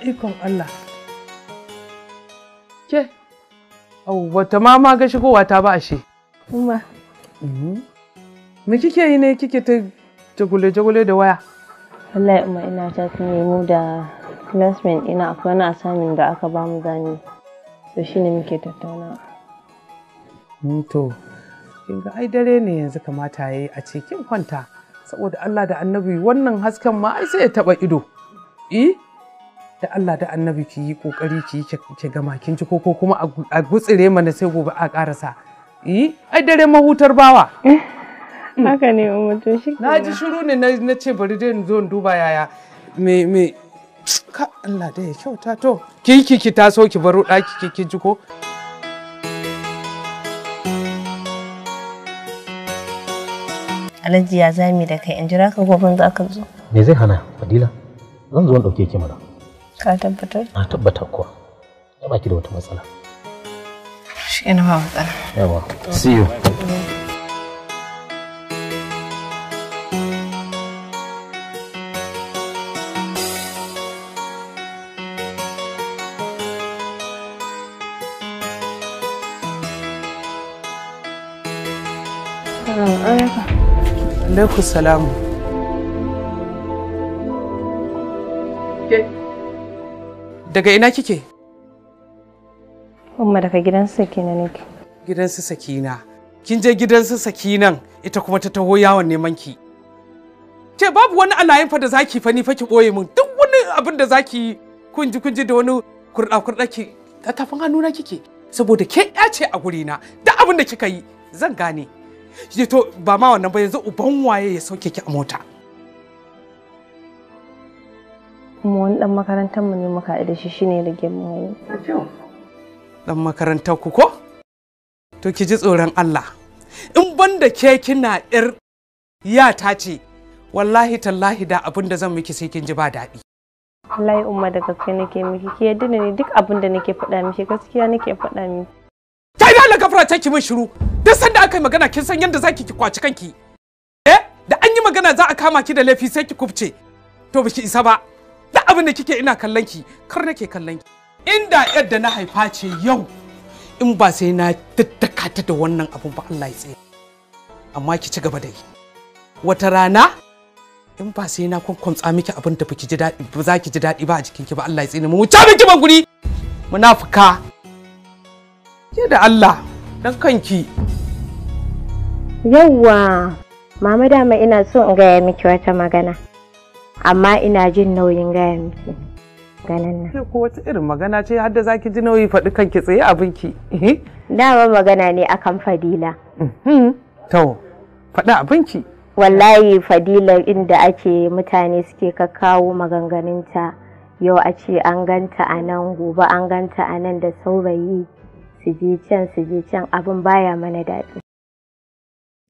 ikon Allah ke wata ma ma ga shigowa ta ba a ashe kuma mm-hmm. me kike yi ne kike ta jagule jagule da waya wallahi umma ina ta tunye mu da classmen ina akwai wani assignment da aka ba mu zani to shine muke tattauna mm, to ga ai dare ne yanzu kamata yayi a cikin kwanta saboda Allah da Annabi wannan hasken ma ai sai ya taba ido eh da Allah da annabi ki yi kokari ki yi ki gama kin ci koko kuma a gutsire mana sai gobe a karasa eh ai dare mahutar bawa eh, haka ne to shi na ji shiru ne na ce bari dai zo in duba yaya me me ka Allah da ya kyauta to ki ki ki taso ki baro daki ki kin ji ko Alhaji ya zami da kai in jira ka gobe za ka zo. Me zai hana Fadila? Zan zo in dauke ki mana. Ka tabbatar? Na tabbatar kuwa. Ya baki da wata matsala. Shi ne ba matsala. Yawa. See you. Ah, Alaikum salamu. Daga ina kike? Umma daga gidan Sakina ki. Gidan su Sakina. Kin je gidan su Sakinan ita kuma ta taho yawon neman ki. Ce babu wani alayin fa da zaki fa ni fa ki boye mun duk wani abin da zaki kun ji da wani kurda kurda ki ta tafin hannu na kike saboda ke ya ce a guri na duk abin da kika yi zan gane. Shi to ba ma wannan ba yanzu uban waye ya sauke ki a mota. kuma wani dan makarantar mu ne muka da shi shine rage mu dan makarantar ku ko to ki ji tsoron Allah in banda ke kina yar ya ta ce wallahi tallahi da abin da zan miki sai kin ji ba daɗi wallahi umma da gaske nake miki ki yadda ne duk abin da nake faɗa miki gaskiya nake faɗa miki kai da gafara ta min shiru duk sanda aka yi magana kin san yadda zaki ki kwaci kanki eh da an yi magana za a kama ki da laifi sai ki kubce to biki isa ba duk abin da kike ina kallon ki kar nake kallon ki inda yadda na haifa ce yau in ba sai na tattaka ta da wannan abun ba Allah ya tsaye amma ki ci gaba da yi wata rana in ba sai na kwankwantsa miki abin da baki ji daɗi ba za ki ji daɗi ba a jikin ki ba Allah ya tsaye mu wuce miki ban guri munafuka ke da Allah dan kanki yawwa mama dama ina so in gaya miki wata magana amma ina jin nauyin gaya miki ganin nan. ko wata irin magana ce har da zaki ji nauyi faɗi kanki tsaye abinki. Dama magana ne akan fadila. Mhm. To, faɗi abinki. Wallahi fadila inda ake mutane suke kakkawo maganganunta yau a ce an ganta a nan gobe an ganta a nan da saurayi su je can su je can abin baya mana daɗi.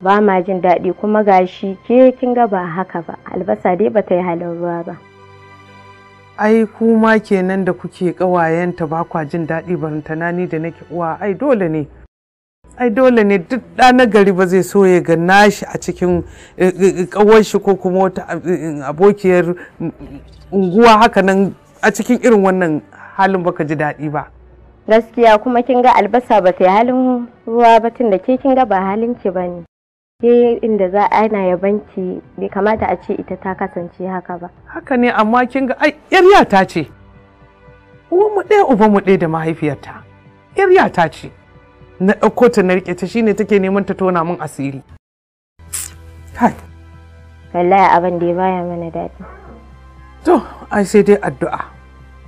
ba ma jin daɗi kuma ga shi ke kin ga ba haka ba albasa dai ba ta yi halin ruwa ba ai kuma kenan da kuke ƙawayenta ba kwa jin daɗi barantana ni da nake uwa ai dole ne ai dole ne duk ɗa na gari ba zai so ya ga nashi a cikin eh, eh, eh, ƙawar shi ko kuma wata abokiyar unguwa haka nan a cikin irin wannan halin baka ji daɗi ba gaskiya kuma kin ga albasa ba ta yi halin ruwa ba tun da ke kin ga ba halin ki ba ne ke inda za a yana yabanci bai kamata a ce ita ta kasance haka ba haka ne amma kin ga ai yarya ta ce uwanmu ɗaya ubanmu ɗaya da mahaifiyarta yarya ta ce na ɗauko ta na riƙe ta shine take neman ta tona min asiri wallahi abin da ya baya mana daɗi to ai sai dai addu'a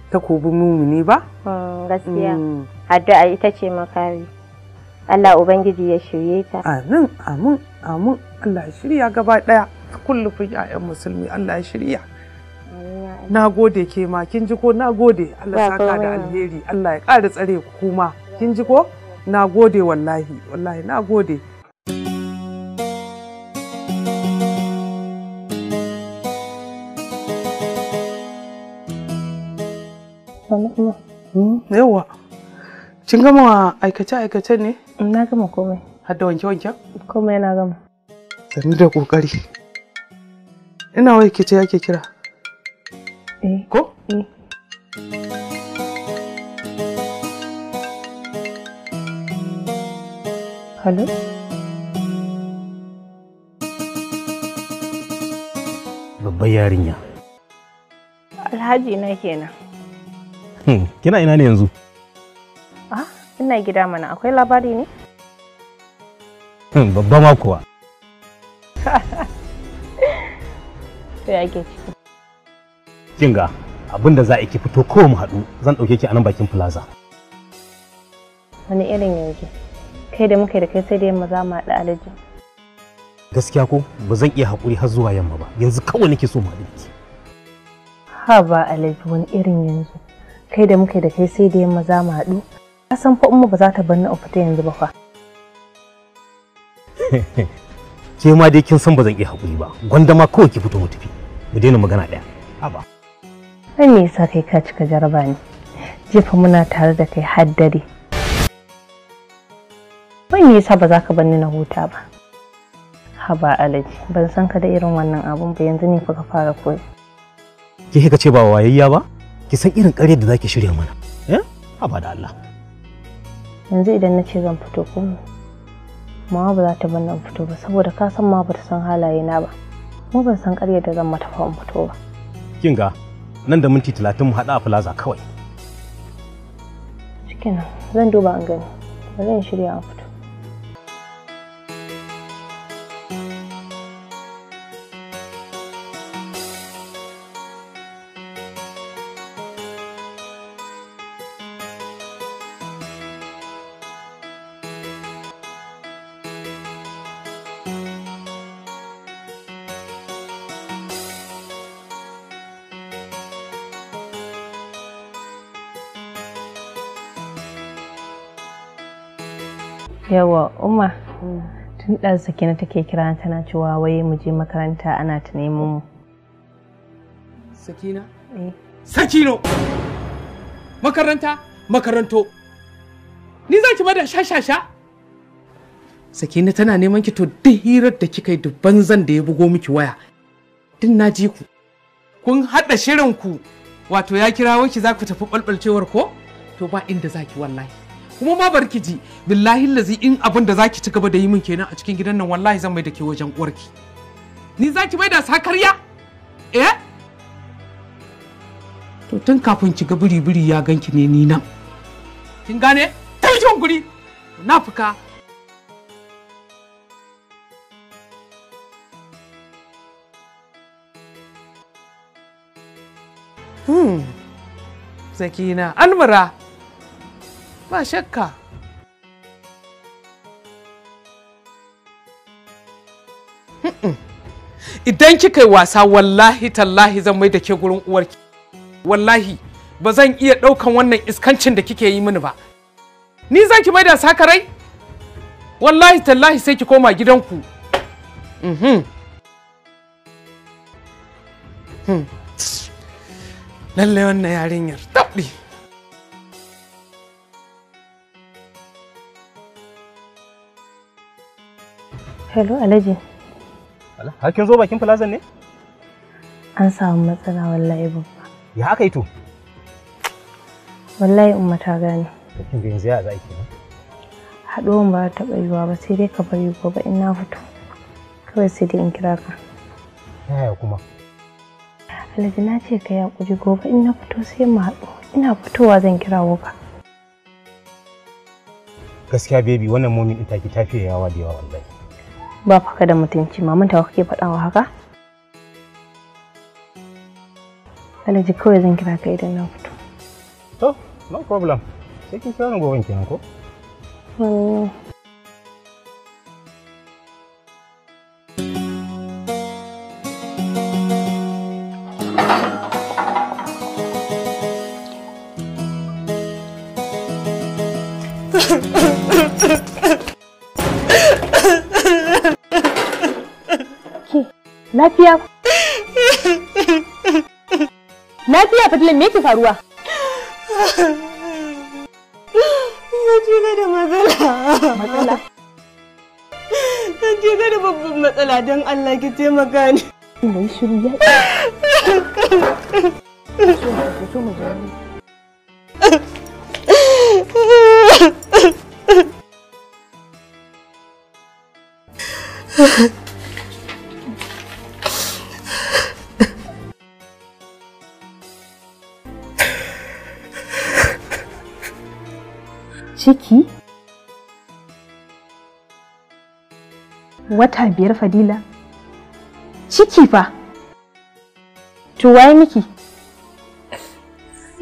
ta kobi mumuni ba mm, gaskiya mm. addu'a ita ce makari Allah Ubangiji ya shirye ta. Amin, amin, amin. Allah ya shirya gaba ɗaya. Kullufin 'ya'yan musulmi Allah ya shirya. Na gode ke ma, kin ji ko na gode Allah ya saka da alheri, Allah ya ƙara tsare ku kuma. Kin ji ko? Na gode wallahi, wallahi na gode. Hmm? Yawa, cin gama aikace-aikace ne? Na gama komai. Har da wanke-wanke? Komai na gama. Sannu da kokari. Ina wai ke ce ake kira? Eh. Ko? Eh. Hello? Babbar yarinya. Alhaji na kenan. Hmm, kina ina ne yanzu? ina gida mana akwai labari ne? Hmm, babba ma kuwa sai ake ciki Kinga, abin da za a ki fito kowa mu haɗu zan ɗauke ki a nan bakin plaza wani irin yanzu kai da muka da kai sai da yamma za mu haɗu alaji gaskiya ko ba zan iya haƙuri har zuwa yamma ba yanzu kawai nake so mu haɗu ki ha ba alaji wani irin yanzu kai da muka da kai sai da yamma za mu haɗu kasan san fa umma ba za ta bar ni fita yanzu ba fa ke ma dai kin san ba zan iya hakuri ba gwanda ma kawai ki fito mu tafi mu daina magana ɗaya haba kai ne sa kai ka cika jaraba ne jefa muna tare da kai har dare wai me yasa ba za ka bar na huta ba haba alaji ban san ka da irin wannan abun ba yanzu ne fa fara koyi ki kika ce ba wayayya ba ki san irin kare da zaki shirya mana eh haba da Allah yanzu idan na ce zan fito ko ma ba za ta ban fito ba saboda ka san ma ba ta san halaye na ba mu ban san ƙarya da zan mata fa'in fito ba kin ga nan da minti talatin mu haɗa a plaza kawai shikenan zan duba an gani ba zan shirya an fito yawa umma mm. tun ɗan sakina take kira tana cewa waye mu je makaranta ana ta nemo mu sakina eh. sakino makaranta makaranto ni za ki mada shashasha sakina tana neman ki to duk hirar da kika yi dubban zan da ya bugo miki waya din na ji ku kun haɗa shirin ku wato ya kirawo ki za ku tafi ɓalɓalcewar ko to ba inda za ki wallahi kuma ma barki ji billahi lazi in abin da zaki ci gaba da yi min kenan a cikin gidan nan wallahi zan mai da ke wajen uwarki ni zaki mai da sakarya eh to tun kafin ki ga biri-biri ya ganki ne ni nan kin gane tashin guri na fuka Hmm, Zakina, almara. ba shakka idan kika yi wasa wallahi tallahi zan mai da ke gurin uwarki wallahi ba zan iya ɗaukan wannan iskancin da kike yi mini ba ni zan ki mai da sakarai wallahi tallahi sai ki koma gidanku mm-hmm. hmm. lallai wannan yarinyar taɓi Hello Alhaji. Har kin zo bakin plaza ne? An samu matsala wallahi babba. Ya aka yi ito? Wallahi umma ta gani. Kin ga yanzu ya za ki ne? Haɗuwan ba ta yiwuwa ba sai dai ka bari gobe in na fito. Kawai sai dai in kira ka. Yaya kuma? Alhaji na ce ka ya kuji gobe in na fito sai mu haɗu. Ina fitowa zan kira ka. Gaskiya baby wannan momin ita ki tafiya yawa da yawa wallahi. ba faka da mutunci maman ta kake faɗawa haka alaji kawai zan kira ka idan na fito to no problem sai kin kira ni gobe kenan ko hmm. Lafiya? Lafiya Fadlan me yake faruwa? Na ce da matsala. Matsala? Na da babban matsala don Allah ki taimaka ni. shiru ya ha ha. ciki wata biyar fadila ciki fa to miki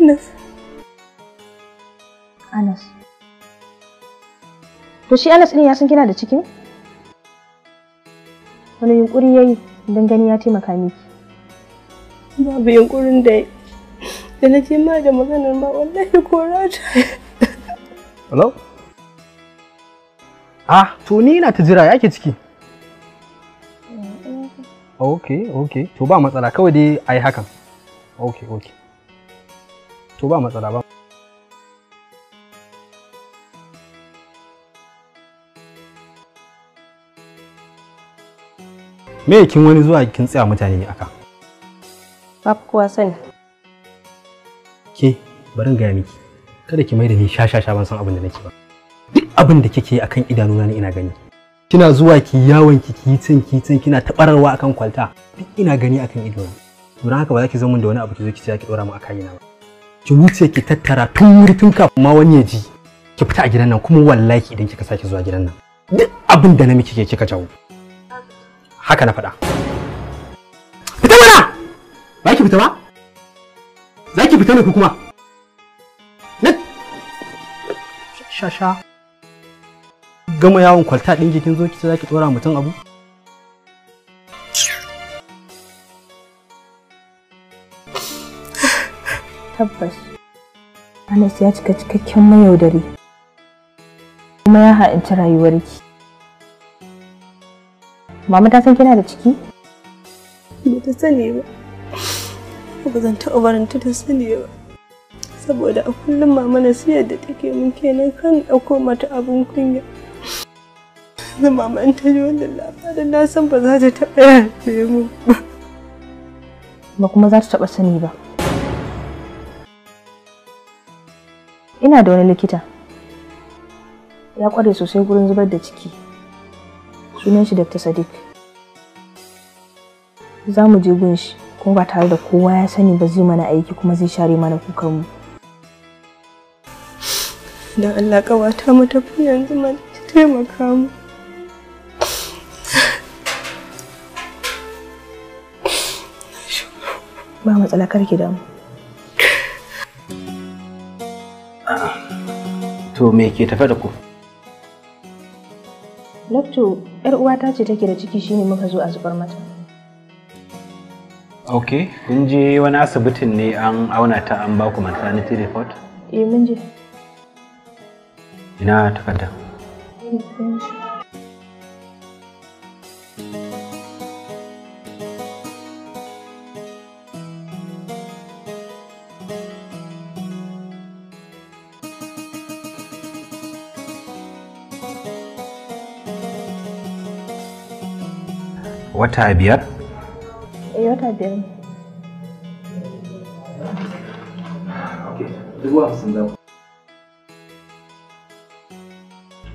anas anas to shi anas ɗin ya san kina da ciki? wani yunkuri ya yi don gani ya taimaka miki babu yunkurin da da na ma da maganar ma wallahi ko rata Hello? Ah, to ni na ta jira yake ciki. Okay, okay. To ba matsala kawai dai ai hakan. Okay, okay. To ba matsala ba. Me kin wani zuwa kin tsaya mutane ne aka? Ba kowa sani. Ke, bari in gaya miki. kada ki mai da ni shashasha ban san abin da nake ba duk abin da kike akan idanuna ne ina gani kina zuwa ki yawon ki ki tsin ki tsin kina tabararwa akan kwalta duk ina gani akan idona to dan haka ba za ki zama da wani abu ki zo ki ce ki dora mu akan ina ba ki wuce ki tattara tun wuri tun kafin ma wani ya ji ki fita a gidan nan kuma wallahi idan kika sake zuwa gidan nan duk abin da na miki ke kika jawo haka na faɗa fita mana ba ki fita ba za ki fita ne ku kuma shasha gama yawon kwalta ɗin jikin zo ki za ki ɗora mutum abu tabbas anas ya cika cikakken mayaudari kuma ya ha'inci rayuwarki mama ta san kina da ciki ba ta sani ba ba zan taɓa barinta ta sani ba saboda a kullum mama siyar da take mun kenan kan ɗauko mata abin kunya da mama in ta ji wannan labarin na san ba za ta taɓa yafe mu ba ba kuma za ta taɓa sani ba ina da wani likita ya kware sosai gurin zubar da ciki sunan shi dr sadiq za mu je gunshi, kuma ba tare da kowa ya sani ba zai mana aiki kuma zai share mana kukan mu dan Allah kawata mu fi yanzu man taimaka mu ba matsala karki damu to me ke tafe da ku Lafto, ‘yar uwata ce take da ciki shine muka zo a zubar mata. Ok, kun je wani asibitin ne an auna ta an ba ku maternity report? Eh, mun je. ina takarda wata biyar? eh wata biyar ne.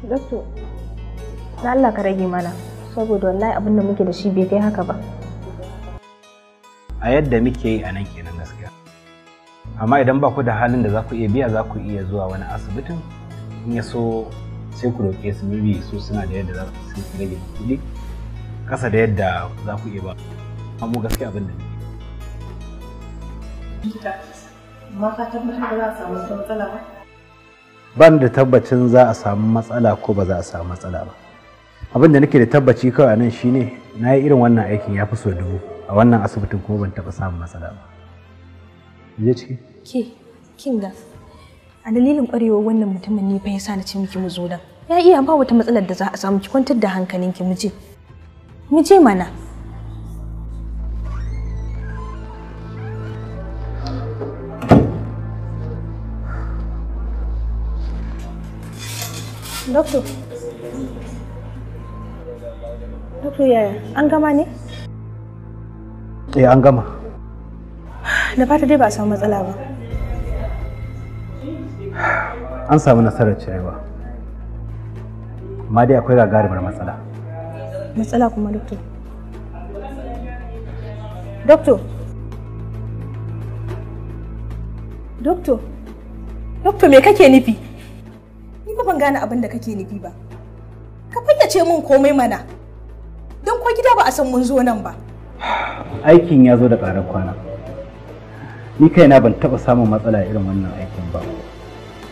Dokto, na Allah ka rage mana, saboda wallahi abin da muke da shi bai kai haka ba. A yadda muke yi a nan kenan gaskiya. Amma idan ba ku da halin da za ku iya biya za ku iya zuwa wani asibitin in ya so sai ku roƙe su maybe su suna da yadda za su rage kuɗi kasa da yadda za ku iya ba. Amma gaskiya abin da ne. Likita, ma ka tabbatar da za a samu matsala ba? ban da tabbacin za a samu matsala ko ba za a samu matsala ba abin da nake da tabbaci kawai nan shine na yi irin wannan aikin ya fi so dubu a wannan asibitin kuma ban taɓa samu matsala ba je ciki ke kinga a dalilin ƙwarewar wannan mutumin ne fa yasa na ce miki mu zo dan ya iya ba wata matsalar da za a samu ki kwantar da hankalinki mu je mu je mana Doktor. Doktor yaya, an gama ne? Eh, an gama. Da fata dai ba a samu matsala ba. An samu nasarar cirewa. Amma dai akwai gagarumar matsala. Matsala kuma, doktor. Doktor. Doktor. Doktor me kake nufi? ba ban gane abin da kake nufi ba ka fayyace mun komai mana don ko gida ba a san mun zo nan ba aikin ya zo da ƙarar kwana ni kai na ban taɓa samun matsala irin wannan aikin ba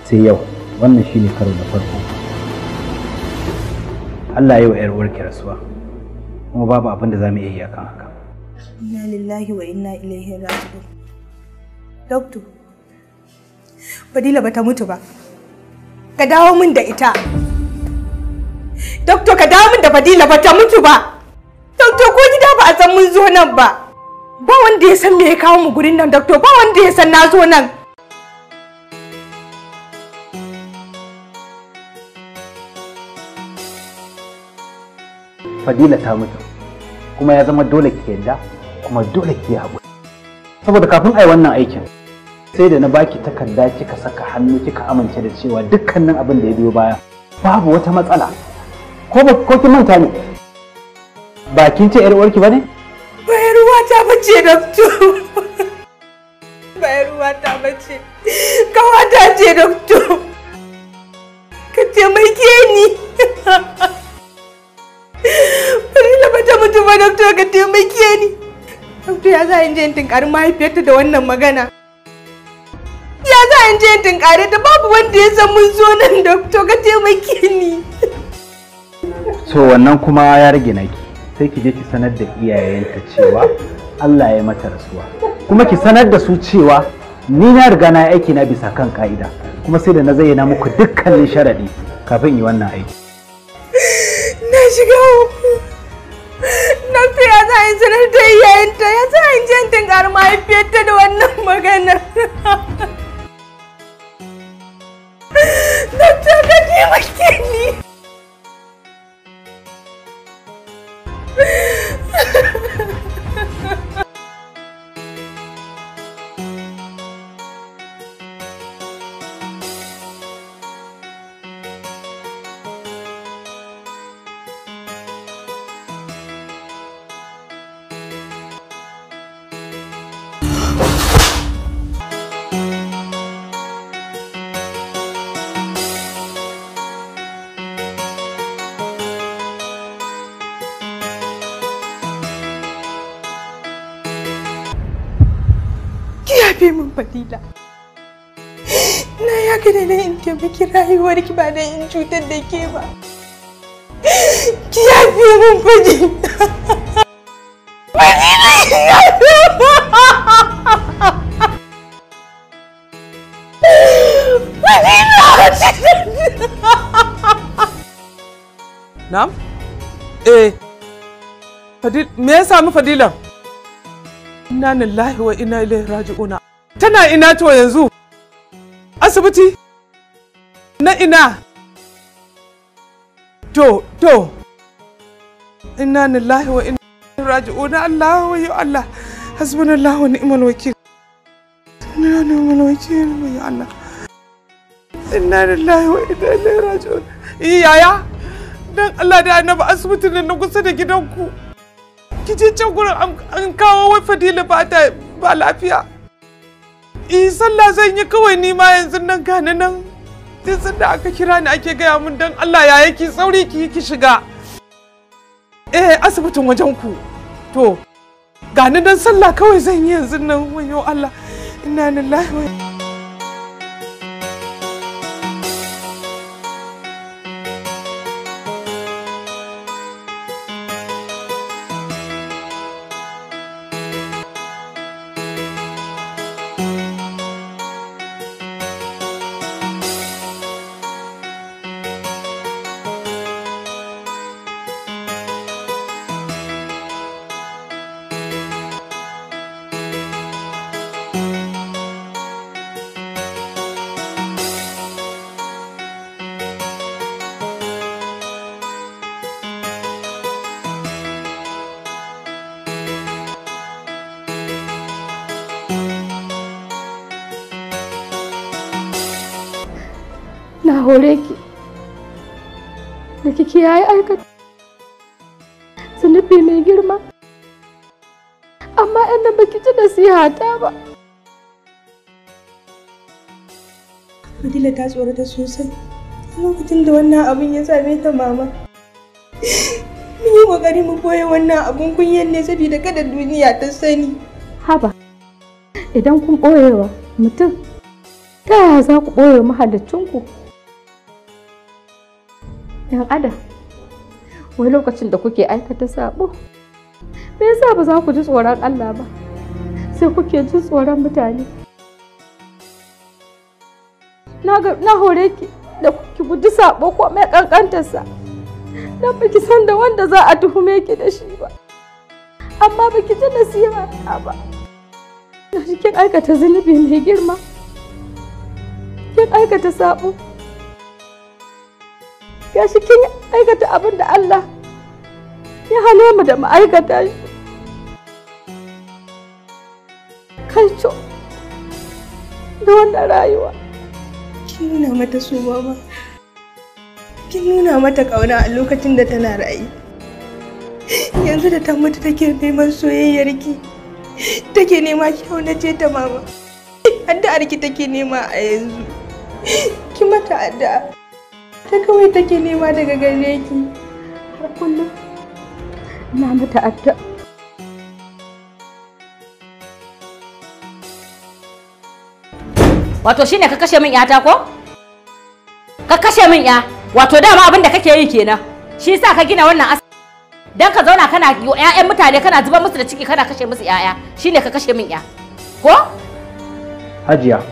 sai yau wannan shine karo na farko Allah ya wa 'yar uwarki rasuwa kuma babu abin da za mu iya kan haka inna lillahi wa inna ilaihi raji'un doctor fadila bata mutu ba ka dawo min da ita doctor ka dawo min da fadila ba ta mutu ba doktor ko gida ba a san mun zo nan ba ba wanda ya san me ya kawo mu gurin nan doctor ba wanda ya san na zo nan fadila ta mutu kuma ya zama dole ki yadda kuma dole ki haƙuri saboda kafin ai wannan aikin sai da na baki takarda kika saka hannu kika amince da cewa dukkanin abin da ya biyo baya babu wata matsala ko ba ko kin manta ne ba kin ce yar uwarki bane ba yar ta bace da ba yar ta bace wata ce da ka ke ni Farila ba ta mutu ba doktor ka ke ni. Doktor ya za a yi jin tunkarin mahaifiyarta da wannan magana. in din kare ta babu wanda ya san mun zo nan da to ka taimake ni so wannan kuma ya rage naki sai ki je ki sanar da iyayenta cewa Allah ya mata rasuwa kuma ki sanar da su cewa ni na riga na aiki na bisa kan ka'ida kuma sai da na zayyana muku dukkanin sharadi kafin yi wannan aiki na shiga na fiya za a sanar da iyayenta ya za a yi jan tunkar mahaifiyarta da wannan maganar Да ты оголилась, Ли! mallaki rayuwarki ba da in cutar da ke ba ki ya fi min faɗi Na'am? Eh. Fadil, me ya samu Fadila? Inna lillahi wa inna ilaihi raji'una. Tana ina to yanzu? Asibiti? na ina to to inna lillahi wa inna ilaihi raji'un Allah wa ya Allah hasbunallahu wa ni'mal wakil ya ni'mal wakil wa ya Allah inna lillahi wa inna ilaihi raji'un Iyaya, eh, dan Allah da annabi asibitin nan na kusa da gidanku ki je can gurin an kawo wai fadila ba ta ba lafiya eh sallah zan yi kawai ni ma yanzu nan gani nan tun sun da aka kira ni ake gaya mun don Allah ya yake sauri ki ki shiga eh asibitin wajen ku to gani don sallah kawai zan yi yanzu nan wayo Allah inna lillahi wa hore ki da kiki yayi aikata zunubi mai girma amma inda baki ji nasihata ba Fadila ta tsorata sosai lokacin da wannan abin ya same ta mama mun yi kokari mu koya wannan abun kunyan ne saboda kada duniya ta sani haba idan kun ɓoyewa mutum ta yaya za ku ɓoye ku? 'yan adam wai lokacin da kuke aikata sabo me yasa ba za ku ji tsoron Allah ba sai kuke ji tsoron mutane na hore ki da ki guji sabo ko mai kankantarsa na ba ki san da wanda za a tuhume ki da shi ba amma ba ki ji nasiha ba na kin aikata zunubi mai girma kin aikata sabo ya shi kin aikata abin da Allah ya hane mu da mu aikata shi kai co da wannan rayuwa kin nuna mata so ba, kin nuna mata kauna a lokacin da tana ra'ayi yanzu da ta mutu take neman soyayyar ki take nema ki ce ta mama addu'ar ki take nema a yanzu ki mata addu'a ita kawai take nema daga gare ki har kullum ina mata adda wato shine ka kashe min yata ko ka kashe min ya wato dama abin da kake yi kenan shi yasa ka gina wannan dan ka zauna kana ƴaƴan mutane kana zuba musu da ciki kana kashe musu ƴaƴa shine ka kashe min ya ko hajiya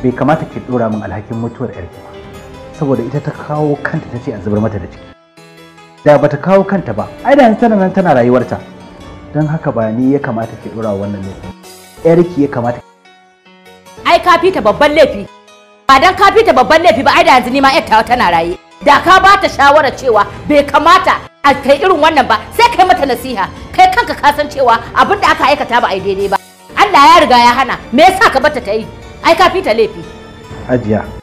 bai kamata ki dora min alhakin mutuwar yarki ba saboda ita ta kawo kanta ta ce a zubar mata da ciki da bata kawo kanta ba ai da yanzu tana nan tana rayuwarta don haka ba ni ya kamata ki dora wannan laifin yarki ya kamata ai ka fita babban laifi ba dan ka fita babban laifi ba ai da yanzu ni ma yar tawa tana raye da ka ba ta shawara cewa bai kamata a kai irin wannan ba sai kai mata nasiha kai kanka ka san cewa abin da aka aikata ba ai daidai ba Allah ya riga ya hana me yasa ka bata ta yi ai ka fita laifi ajiya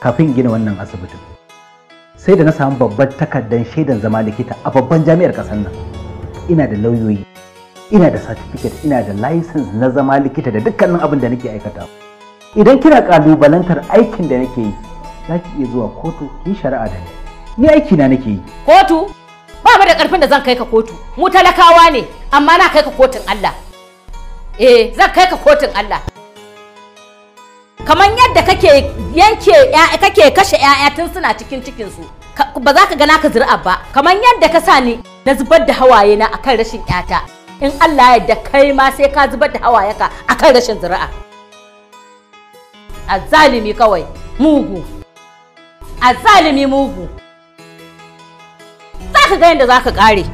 kafin gina wannan asibitin sai da na samu babbar takardar shaidan zama likita a babban jami'ar ƙasar nan ina da lauyoyi ina da certificate ina da license na zama likita da dukkanin abin da nake aikata idan kina kalubalantar aikin da nake yi za ki iya zuwa kotu ni shari'a da ni ni aiki na nake yi kotu ba da karfin da zan kai ka kotu mu talakawa ne amma na kai ka kotun Allah eh zan kai ka kotun Allah kamar yadda kake yanke kake kashe 'ya'ya tun suna cikin cikinsu ba za ka ga naka zuri'a ba kamar yadda ka sani na zubar da hawaye na akan rashin 'yata in Allah ya da kai ma sai ka zubar da hawaye ka akan rashin zuri'a a kawai mugu a mugu za ka ga yadda za ka kare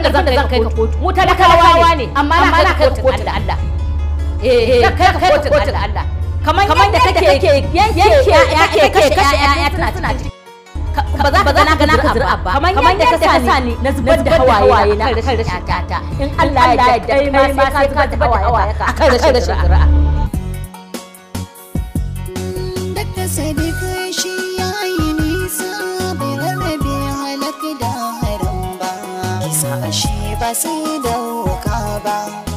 kai da zan kai ka kotu mu talakawa ne amma na kai ka kotu da Allah eh, eh kai ka kotu da Allah kamar yadda kake yanke yake yake kashe ya'ya tana tana ba za ka gana gana ka zira ba kamar yadda ka sa ni na zubar da hawaye na kan rashin tata in Allah ya yarda kai ma sai ka zubar da hawaye ka akan rashin zira Dr. Sadiq ashe ba sai da wuka ba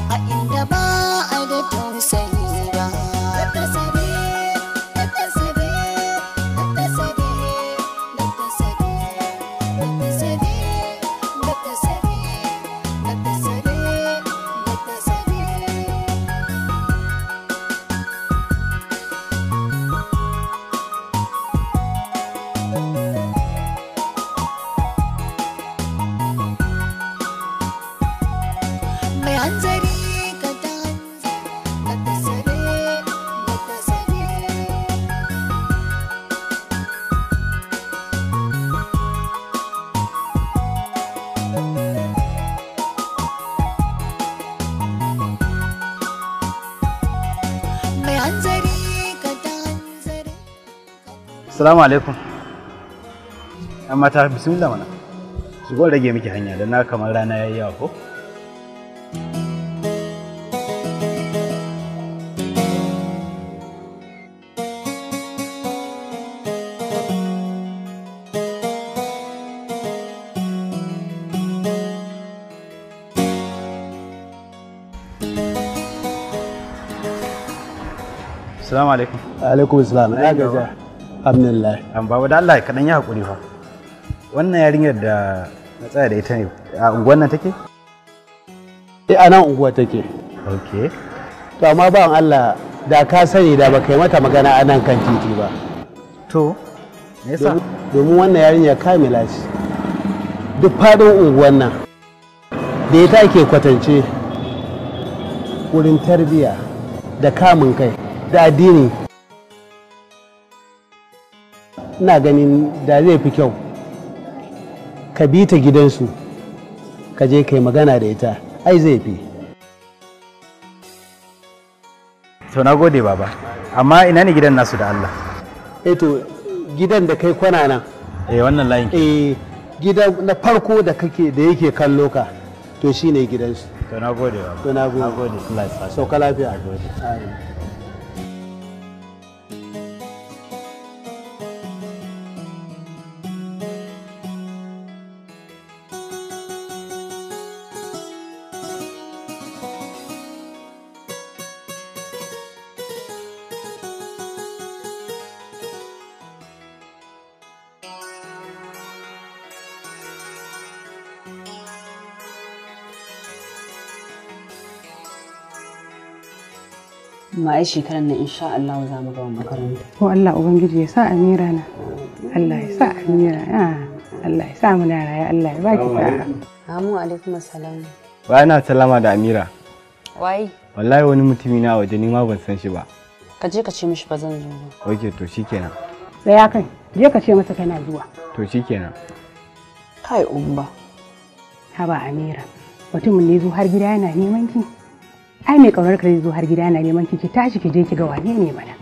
Assalamu alaikum. ‘Yan mata, bismillah mana. Su rage miki hanya don na kamar rana ya yi yawa ko? Assalamu alaikum. Alaikum assalam. Na gaza. abdullahi. an babu da Allah kaɗan ya haƙuri fa wannan yarinyar da na tsaya da ita ne a unguwar nan take eh a nan unguwa take okay to amma ba Allah da ka sani da ba kai mata magana a nan kan titi ba to me yasa domin wannan yarinyar kamila ce duk faɗin unguwar nan da ita ke kwatance wurin tarbiya da kamun kai da addini ina ganin da zai fi kyau ka bi ta gidansu ka je kai magana da ita ai zai fi to na gode baba amma ina ne gidan nasu da Allah eh to gidan da kai kwana nan eh wannan layin eh gidan na farko da kake da yake kallo ka to shine gidansu to na gode baba to na gode Allah ya sa ka lafiya gode amma ai shekaran nan insha Allah za mu gama makaranta ko Allah ubangiji ya sa amira na Allah ya sa amira ah, Allah ya sa mu na raya Allah ya ki sa. amu alaikum assalam wa ina sallama da amira wai wallahi wani mutumi na waje ni ma ban san shi ba ka je ka ce mishi ba zan zo ba Oke to shikenan tsaya kai je ka ce masa kana zuwa to shikenan kai umba haba amira mutumin ne zo har gida yana neman ki ai mai kaunar ka zo har gida na neman kiki tashi ki je ki ga wane ne mana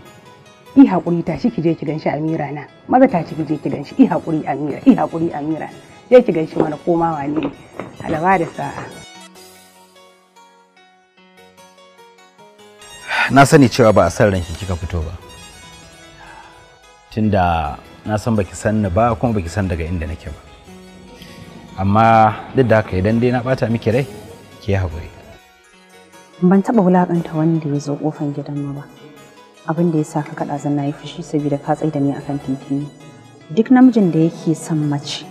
i hakuri tashi ki je ki ganshi Amira na maza tashi ki je ki ganshi i hakuri Amira i hakuri Amira je ki ganshi mana koma wane ne alaba da sa'a na sani cewa ba a san ranki kika fito ba tunda na san baki san ni ba kuma baki san daga inda nake ba amma duk da haka idan dai na bata miki rai ki haƙuri ban taɓa wulaƙanta wanda ya zo ƙofan gidanmu ba abin da ya sa ka kaɗa zan na yi fushi saboda ka tsaye da ni akan titi duk namijin da yake son mace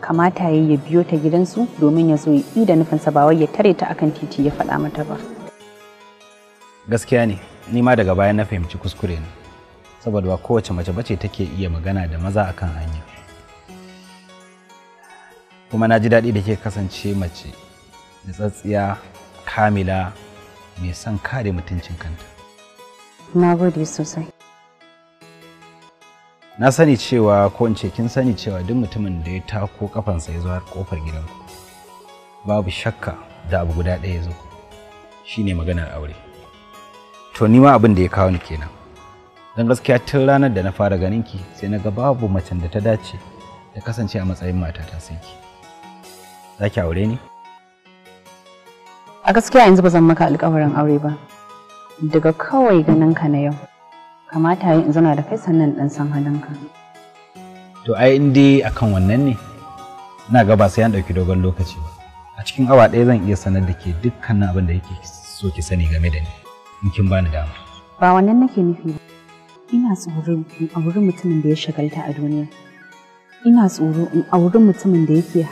kamata ya ya biyo ta gidansu domin ya zo ya da nufinsa ba wai ya tare ta akan titi ya faɗa mata ba gaskiya ne ni ma daga baya na fahimci kuskure ne saboda ba kowace mace bace take iya magana da maza akan hanya kuma na ji daɗi da ke kasance mace da tsatsiya kamila mai son kare mutuncin kanta na gode sosai na sani cewa ko in ce kin sani cewa duk mutumin da ya tako kafansa ya zo har kofar gidanku babu shakka da abu guda ɗaya ya zo shine maganar aure to ni ma abin da ya kawo ni kenan don gaskiya tun ranar da na fara ganin ki sai na ga babu macen da ta dace da kasance a matsayin matata sai ki za ki aure ni a gaskiya yanzu ba zan maka alƙawarin aure ba daga kawai ganin ka na yau kamata yi in zana da kai sannan dan san ka. to ai in dai akan wannan ne ina ga ba sai an dauki dogon lokaci ba a cikin awa ɗaya zan iya sanar da ke dukkanin abin da yake so ki sani game da ni in kin bani dama ba wannan nake nufi ba ina tsoro in auri mutumin da ya shagalta a duniya ina tsoro in auri mutumin da yake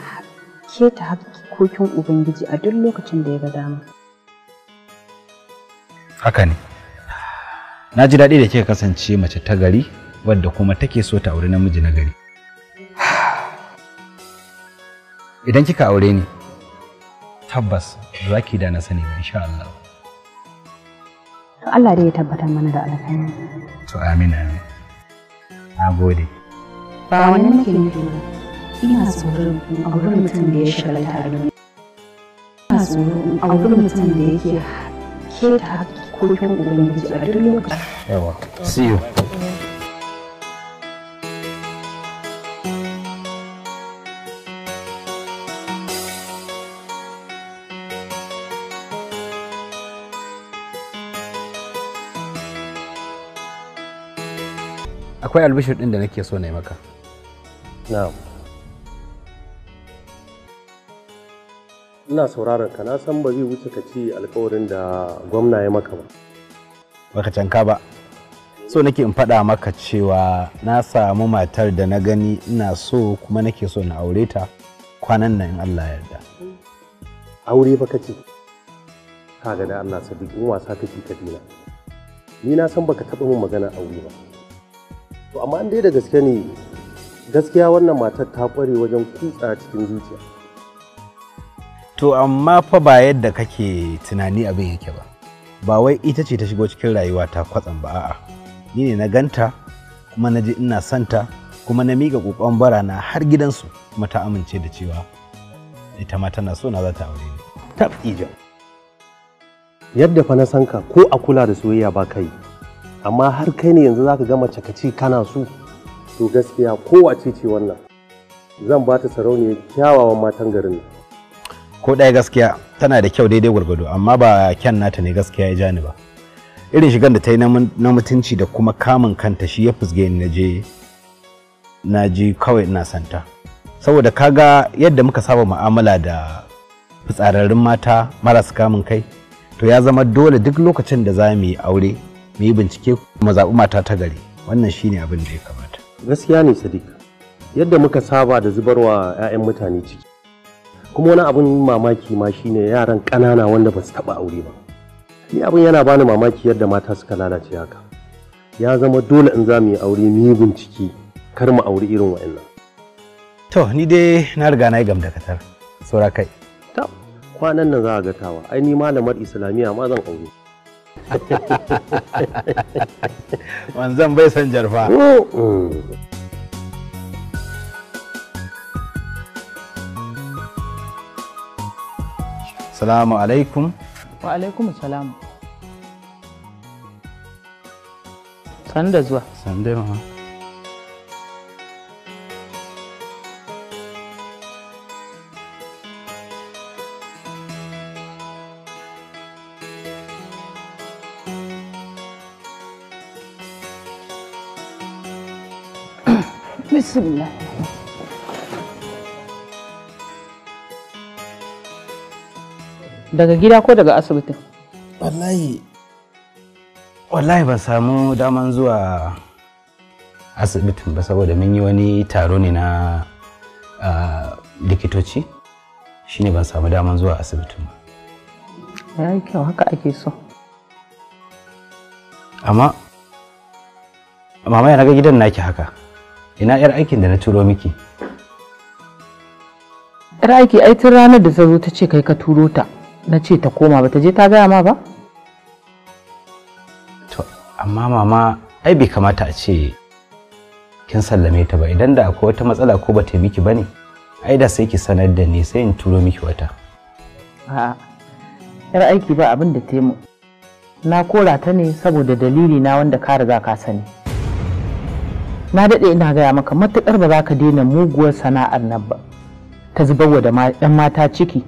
keta haƙƙi dokokin Ubangiji a duk lokacin da ya ga dama. Haka ne. Na ji daɗi da kika kasance mace ta gari wadda kuma take so ta aure namiji na gari. Idan kika aure ni, tabbas za ki da na sani ba insha Allah. Allah dai ya tabbatar mana da alkhairi. To Amina amin. Na gode. Ba wannan nake nufi ba. Ina tsoron a wurin mutum da ya shagalta da duniya. ina tsoro in mutum da yake keta hakkokin ubangiji a duk yawa akwai albishir ɗin da nake so na yi maka ina sauraron ka na san ba zai wuce ka ci alkawarin da gwamna ya maka ba baka canka ba so nake in faɗa maka cewa na samu matar da na gani ina so kuma nake so na aure ta kwanan nan in Allah ya yarda aure baka ce ka ga da Allah sa in wasa kake kadina ni na san baka taɓa min magana aure ba to amma an dai da gaske ne gaskiya wannan matar ta ƙware wajen kutsa cikin zuciya to amma fa ba yadda kake tunani abin yake ba ba wai ita ce ta shigo cikin rayuwa ta kwatsam ba a'a ni ne na ganta kuma na ji ina santa kuma na miƙa ƙoƙon bara na har gidansu kuma ta amince da cewa ita ma tana so na za ta aure ni tab ija yadda fa na san ka ko a kula da soyayya ba kai amma har kai ne yanzu zaka gama cakaci kana so to gaskiya kowace ce wannan zan ba ta sarauniyar kyawawan matan garin ko ɗaya gaskiya tana da kyau daidai gwargwado amma ba kyan nata ne gaskiya ya jani ba irin shigan da ta yi na mutunci da kuma kamun kanta shi ya fusge ni je na ji kawai ina santa saboda kaga yadda muka saba mu'amala da fitsararrun mata su kamun kai to ya zama dole duk lokacin da za mu yi aure mu yi bincike kuma zaɓi mata ta gari wannan shine abin da ya kamata gaskiya ne sadiq yadda muka saba da zubarwa 'ya'yan mutane ciki kuma wani abun mamaki ma shine yaran ƙanana wanda ba su taɓa aure ba ni abin yana bani mamaki yadda mata suka lalace haka ya zama dole in za mu yi aure mu yi bincike kar mu aure irin wa'annan to ni dai na riga na yi gamdakatar saura kai to kwanan nan za a ga tawa ai ni malamar islamiyya ma zan aure wanzan bai san jarfa mm. السلام عليكم وعليكم السلام san da بسم الله daga gida ko daga asibitin wallahi wallahi ban samu daman zuwa asibitin ba saboda mun yi wani taro ne na likitoci shine ban samu daman zuwa asibitin ba ya yi kyau haka ake so amma mama naga gidan naki haka ina yar aikin da na turo miki yar aiki ai tun ranar da ta zo ta ce kai ka turo ta na ce ta koma ba ta je ta gaya ma ba? To, amma mama ai bai kamata a ce kin sallame ta ba idan da akwai wata matsala ko ba ta miki ba ne, ai da sai ki sanar da ni sai in turo miki wata. A'a, yar aiki ba abin da taimu. Na kora ta ne saboda dalili na wanda ka riga ka sani. Na daɗe ina gaya maka matuƙar ba za ka daina muguwar sana'ar nan ba. Ta zubarwa da 'yan mata ciki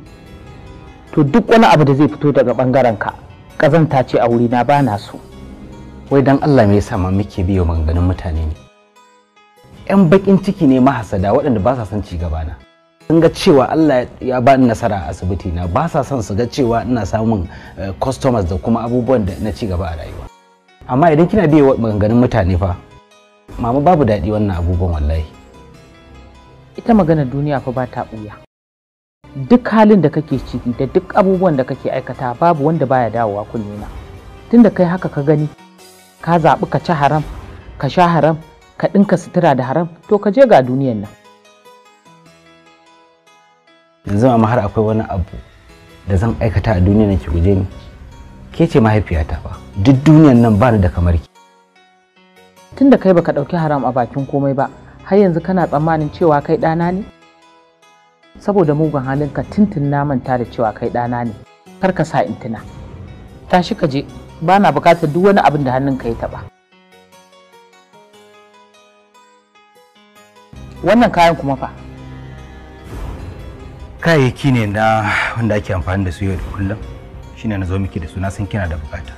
to duk wani abu da zai fito daga bangaren ka kazanta ce a wuri na ba na so wai dan Allah me yasa ma muke biyo maganganun mutane ne yan bakin ciki ne mahasada waɗanda ba sa son ci gaba na sun ga cewa Allah ya ba ni nasara a asibiti na ba sa son su ga cewa ina samun eh, customers da kuma abubuwan da na ci gaba a rayuwa amma idan kina biyo maganganun mutane fa mama babu daɗi wannan abubuwan wallahi ita maganar duniya fa ba ta ɓuya duk halin da kake ciki da duk abubuwan da kake aikata babu wanda baya dawowa kullina tunda kai haka ka gani ka zaɓi ka ci haram ka sha haram ka ɗinka sutura da haram to ka je ga duniyan nan yanzu amma har akwai wani abu da zan aikata a duniya ki guje ni ke ce mahaifiyata ba duk duniyan nan ba ni da kamar ki tunda kai baka ɗauki haram a bakin komai ba har yanzu kana tsammanin cewa kai ɗana ne saboda mugun halinka tuntun na manta da cewa kai ɗana ne kar ka sa in tuna tashi ka je ba na bukatar duk wani abin da hannunka ya taba wannan kayan kuma fa kayayyaki ne na wanda ake amfani da su yau da kullum shine na zo miki da su na san kina da bukata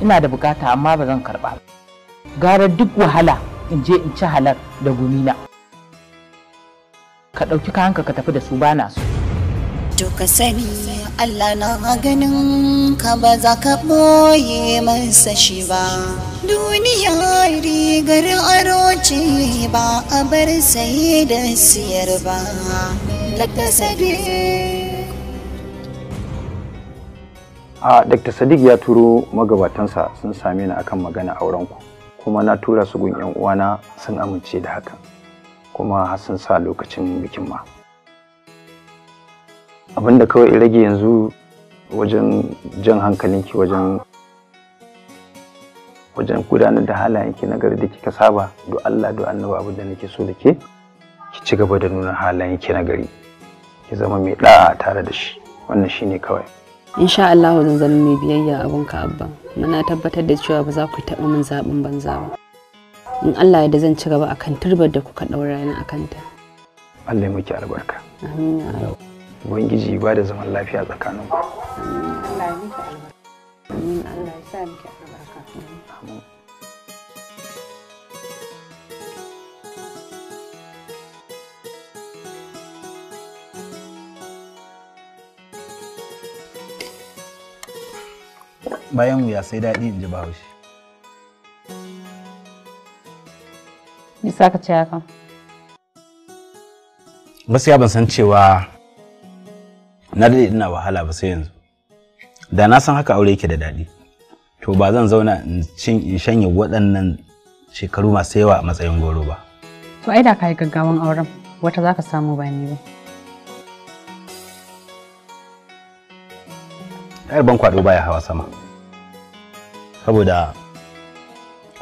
ina da bukata amma ba zan karba gara duk wahala in je in ci halar da gumina ka ɗauki kayanka ka tafi da su bana su. To ka sani Allah na maganin ka ba za ka ɓoye masa shi ba. Duniya rigar aro ce ba a bar sai da siyar ba. Dakta Sadiq. A Dr. Sadiq ya turo magabatansa sun same ni akan magana aurenku kuma na tura su gun 'yan uwana sun amince da hakan. kuma sun sa lokacin bikin ma abinda kawai rage yanzu wajen jan hankalinki wajen wajen gudanar da halayenki na gari da kika saba do Allah do annaba abu da nake so da ke ki ci gaba da nuna halayenki na gari ki zama mai ɗa'a tare da shi wannan shine kawai insha Allah zan zama mai biyayya abun ka abban muna tabbatar da cewa ba za ku taɓa min zaɓin banza ba in Allah ya da zan ci gaba akan turbar da kuka ɗaura ni akan ta Allah ya miki albarka amin ubangiji ba da zaman lafiya tsakanin ku amin ya albarka amin Allah ya bayan wuya sai daɗi in ji bahaushe isa ka ce haka gaskiya ban san cewa na daɗe ina wahala ba sai yanzu da na san haka aure yake da daɗi to ba zan zauna in cin in shanye waɗannan shekaru masu yawa a matsayin goro ba to ai da ka yi gaggawan auren wata za ka samu ba ni ba yar ban kwado baya hawa sama saboda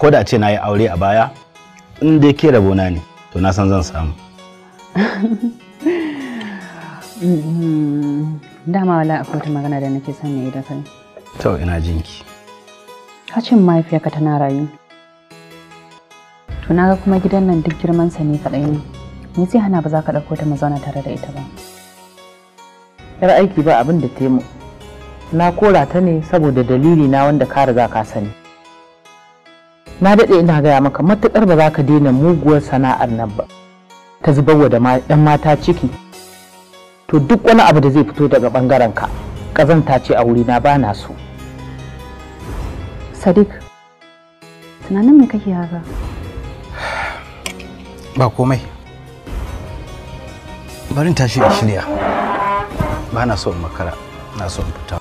ko da ce na yi aure a baya in dai ke rabona ne to na san zan samu mm-hmm. dama wala akwai magana da nake son ne da kai to ina jinki kacin mahaifiyarka tana rayu to ga kuma gidan nan duk girman sa ne kadai ne ni sai hana ba za ka dauko ta mu zauna tare da ita ba yar aiki ba abin da mu na kora ta ne saboda dalili na wanda ka riga ka sani na daɗe ina gaya maka matuƙar ba za ka daina muguwar sana'ar nan ba ta zubar wa da 'yan mata ciki to duk wani abu da zai fito daga ɓangaren ka ƙazanta ce a wurina ba na so sadiq tunanin me kake haka ba komai barin tashi da shirya ba na so in makara na so in fita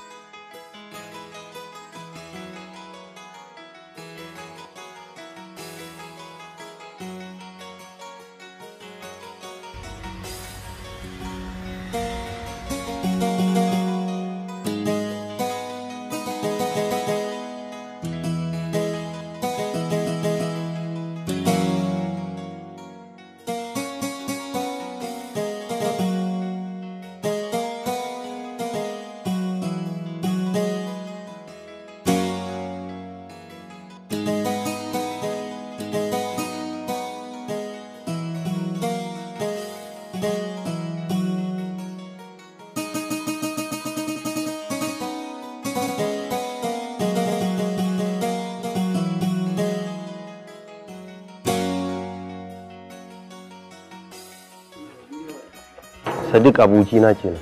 abokina kenan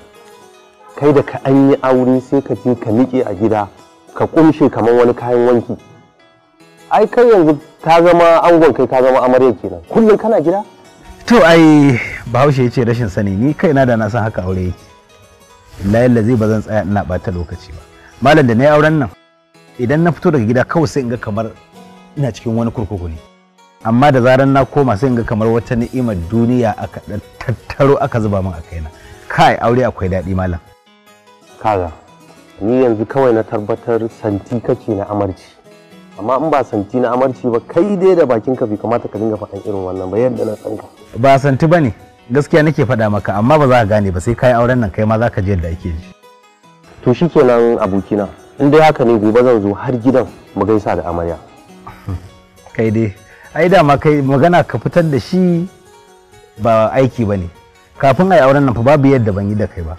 kai da ka an yi aure sai ka je ka miƙe a gida ka kumshe kamar wani kayan wanki ai kai yanzu ka zama angon kai ka zama amarya kenan kullum kana gida to ai bahaushe ya ce rashin sani ni kaina da na san haka aure yake layin da zai ba zan tsaya ina ɓata lokaci ba malam da na yi auren nan idan na fito daga gida kawai sai in ga kamar ina cikin wani kurkuku ne amma da zaran na koma sai in ga kamar wata ni'imar duniya aka tattaro aka zuba min a kaina kai aure akwai daɗi malam kaga ni yanzu kawai na tabbatar santi kake na amarci amma in ba santi na amarci ba kai dai da bakin ka bai kamata ka dinga faɗan irin wannan ba yadda na san ka ba santi bane gaskiya nake faɗa maka amma ba za ka gane ba sai kai auren nan kai ma za ka je yadda ake ji to shikenan abokina in dai haka ne gobe zan zo har gidan mu gaisa da amarya kai dai ai da ma kai magana ka fitar da shi ba aiki ba ne kafin yi auren nan fa babu yadda ban yi da kai ba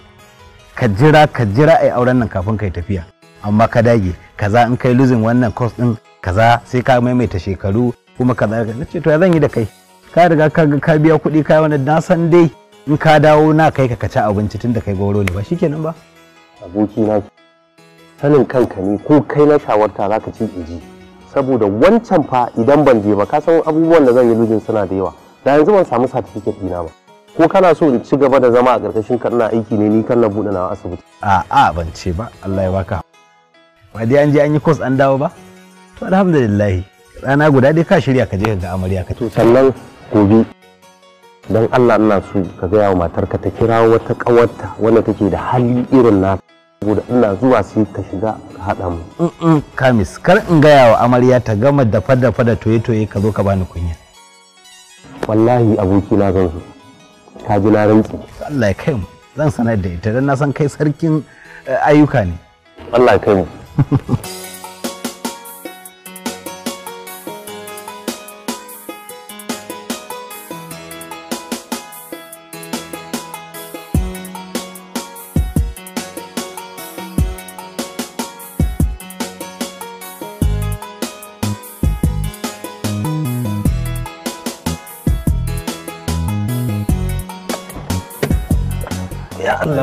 ka jira ka jira a yi auren nan kafin yi tafiya amma ka dage kaza in kai luzin wannan course din kaza sai ka maimaita shekaru kuma kaza na ce to ya zan yi da kai ka riga ka ga ka biya kuɗi ka yi wani na san dai in ka dawo na kai ka ci abinci tun da kai goro ne ba shikenan ba aboki na sanin kanka ne ko kai na shawarta za ka ci inji saboda wancan fa idan ban je ba ka san abubuwan da zan yi lujin suna da yawa da yanzu ban samu certificate dina ba ko kana so in ci gaba da zama a ƙarƙashin ka aiki ne ni kan na buɗe na asibiti a a ban ce ba Allah ya baka ba dai an je an yi course an dawo ba to alhamdulillah rana guda dai ka shirya ka je ka ga amarya ka to sannan gobe dan Allah ina so ka gaya wa matarka ta kira wata kawarta wanda take da hali irin na saboda ina zuwa sai ka shiga ka haɗa mu kamis kar in gaya wa amarya ta gama dafa dafa da toye toye ka zo ka bani kunya wallahi abokina zan zo ka ji na rantsi Allah ya kai mu zan sanar da ita dan na san kai sarkin eh, ayyuka ne Allah ya kai mu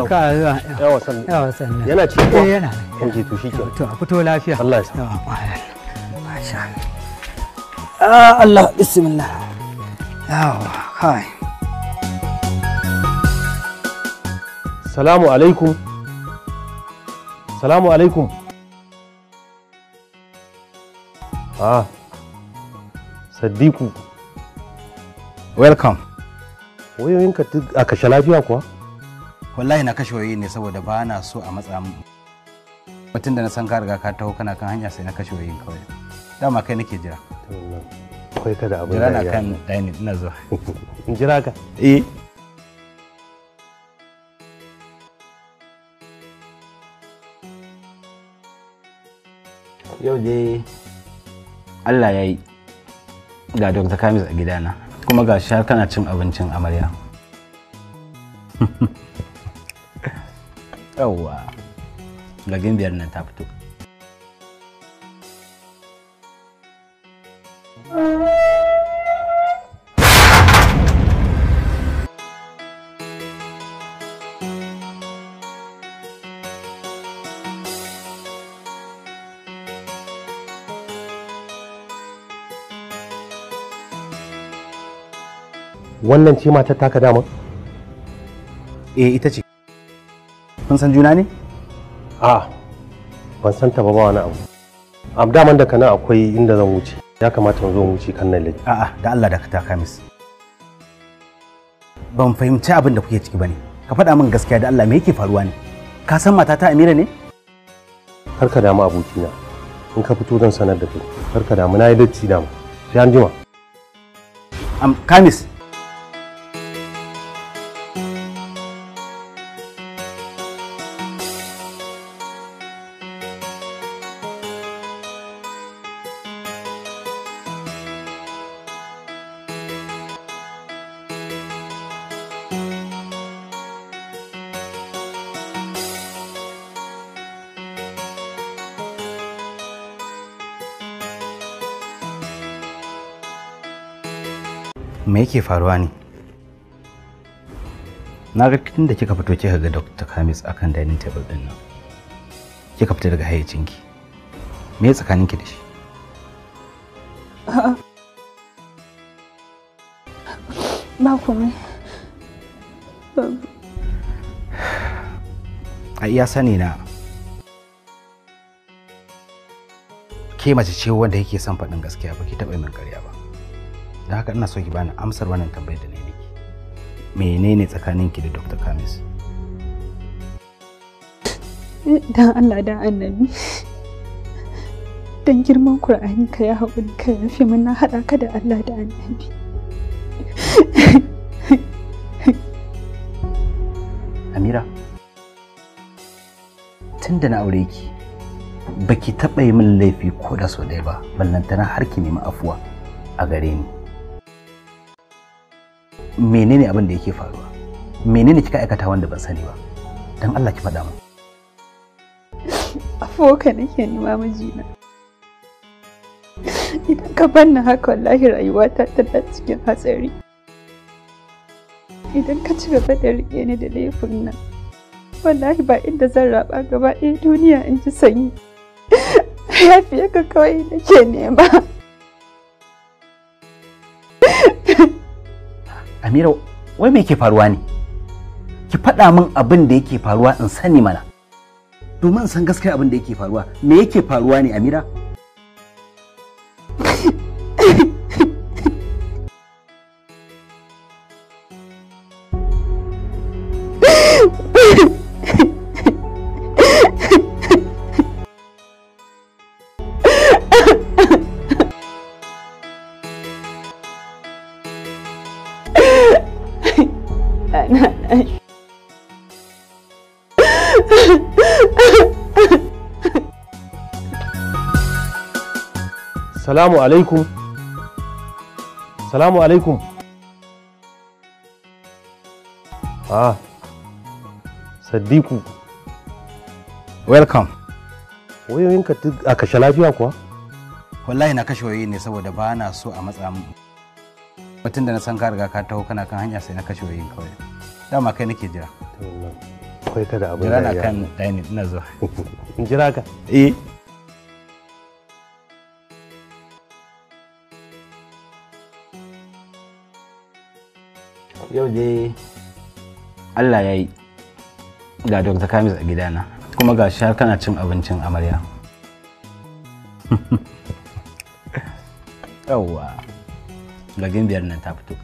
ka zuwa yana ci ko eh, yana kan ji ah, salamu alaikum salamu alaikum ah sadiku welcome wayoyinka a kashe lafiya kuwa wallahi na kashe wayoyi ne saboda ba na so a matsa mutum da na san ka riga ka taho kana kan hanya sai na kashe wayoyin kawai dama kai nake jira kai ka da abin da jira na kan dani ina zuwa in jira ka eh yau dai Allah ya yi ga Dr. Kamis a gidana kuma ga shar kana cin abincin amarya yawwa ga biyar nan ta fito wannan ce matar taka dama? e eh, ita ce kun san juna ne a ban san ta ba ba wani abu am daman daga nan akwai inda zan wuce ya kamata mu zo mu wuce kan nan lake a'a da Allah da ka taka kamis ban fahimci abin da kuke ciki bane ka faɗa min gaskiya da Allah me yake faruwa ne ka san matata Amira ne kar ka damu abokina in ka fito zan sanar da kai kar ka damu na yi datti damu sai an jima am kamis yake faruwa ne na ga tun da kika fito kika ga dr kamis akan dining table din nan kika fita daga hayyacinki me tsakanin ki da shi ba komai a iya sani na ke mace ce wanda yake son faɗin gaskiya ba ki taɓa min ƙarya ba da haka ina so ki bani amsar wannan tambayar da na miki menene tsakaninki da dr kamis dan allah dan annabi dan girman kur'ani ka ya haƙuri ka fi min na haɗa ka da allah da annabi amira tun da na aure ki baki taɓa yi min laifi ko da sau ɗaya ba ballantana har ki nemi afuwa a gare ni menene abin da yake faruwa menene kika aikata wanda ban sani ba dan Allah ki faɗa mu afoka nake nima na idan ka banna haka wallahi rayuwata tana cikin hatsari idan ka ci gaba da riƙe ni da laifin nan wallahi ba inda zan raba gaba ɗaya duniya in ji sanyi ya ka kawai nake nema amira wai me ke faruwa ne ki faɗa min abin da yake faruwa in sani mana domin san gaskiya abin da yake faruwa me yake faruwa ne amira salamu alaikum salamu alaikum ah sadiku welcome wayoyinka a kashe lafiya kuwa wallahi na kashe wayoyi ne saboda ba na so a matsa mu mutum da na san ka riga ka taho kana kan hanya sai na kashe wayoyin kawai dama kai nake jira akwai ka da abin da ya jira na kan dining ne ina zuwa jira ka eh yau dai Allah ya yi ga ta Kamis a gidana kuma ga shi har kana cin abincin amarya. Yawwa, ga biyar nan ta fito.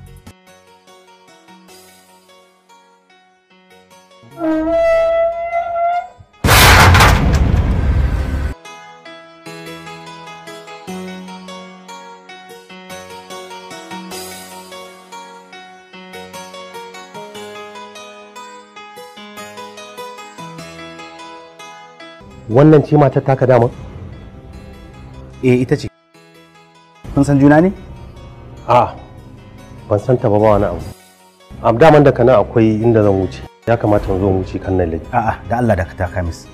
wannan ce matar taka dama eh ita ce kun san juna ne a ban san ta ba ba wani abu am daman da kana akwai inda zan wuce ya kamata zo wuce kan nan lake a'a da Allah da ka taka mis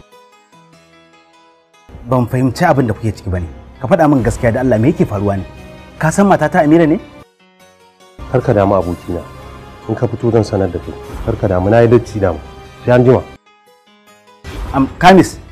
ban fahimci abin da kuke ciki bane ka faɗa min gaskiya da Allah me yake faruwa ne ka san matata Amira ne kar ka damu abokina in ka fito zan sanar da kai kar ka damu na yi datti damu sai an jima am kamis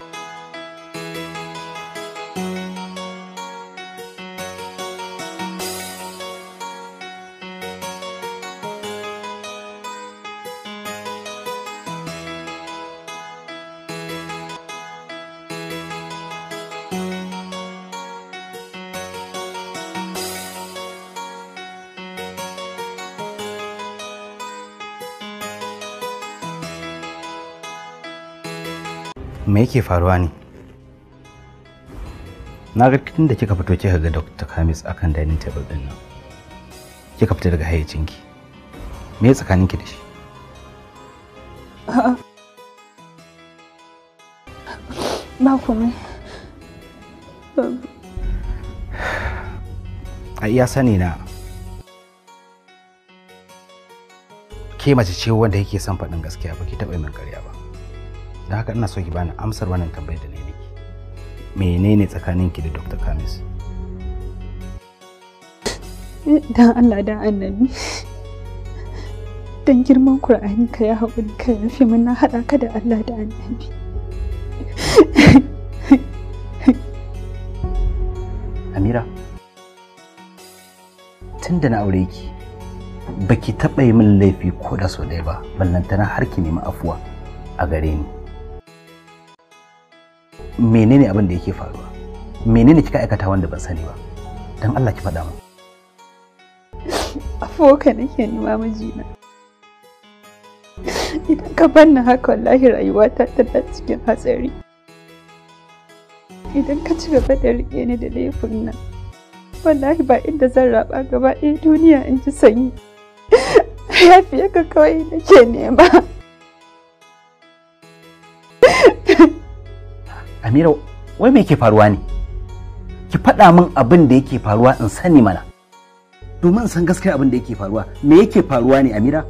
yake faruwa ne na ga tun da kika fito kika ga Dr. Kamis akan dining table din nan kika fita daga hayyacinki me tsakaninki da shi ba komai a iya sani na ke mace ce wanda yake son faɗin gaskiya ba ki taɓa min ƙarya ba da haka ina so ki bani amsar wannan tambayar da na menene tsakanin ki da dr kamis dan allah dan annabi dan girman kur'ani ka ya haƙuri ka yafe min na haɗa ka da allah da annabi amira tun da na aure ki baki taɓa yi min laifi ko da so ɗaya ba ballantana har ki nemi afuwa a gare ni menene abin da yake faruwa menene kika aikata wanda ban sani ba don Allah ki faɗa mu afoka nake nima mijina idan ka banna haka wallahi rayuwata tana cikin hatsari idan ka ci gaba da riƙe ni da laifin nan wallahi ba inda zan raba gaba ɗaya duniya in ji sanyi yafiye ka kawai nake nema amira wai me ke faruwa ne ki faɗa min abin da yake faruwa in sani mana domin san gaskiya abin da yake faruwa me yake faruwa ne amira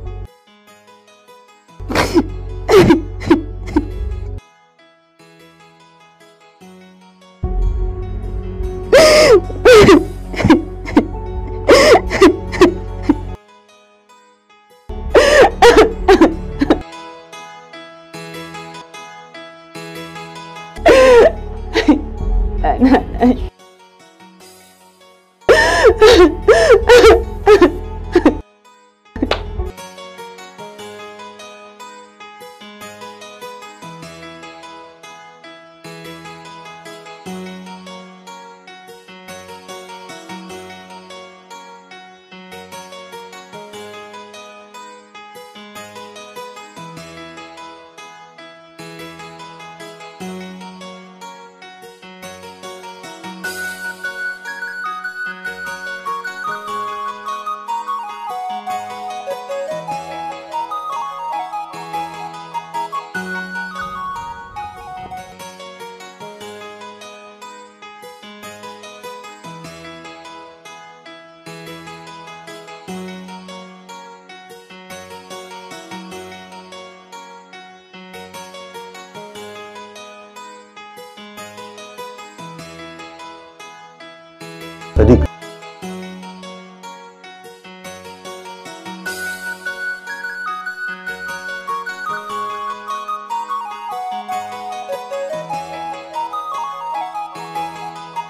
sadiq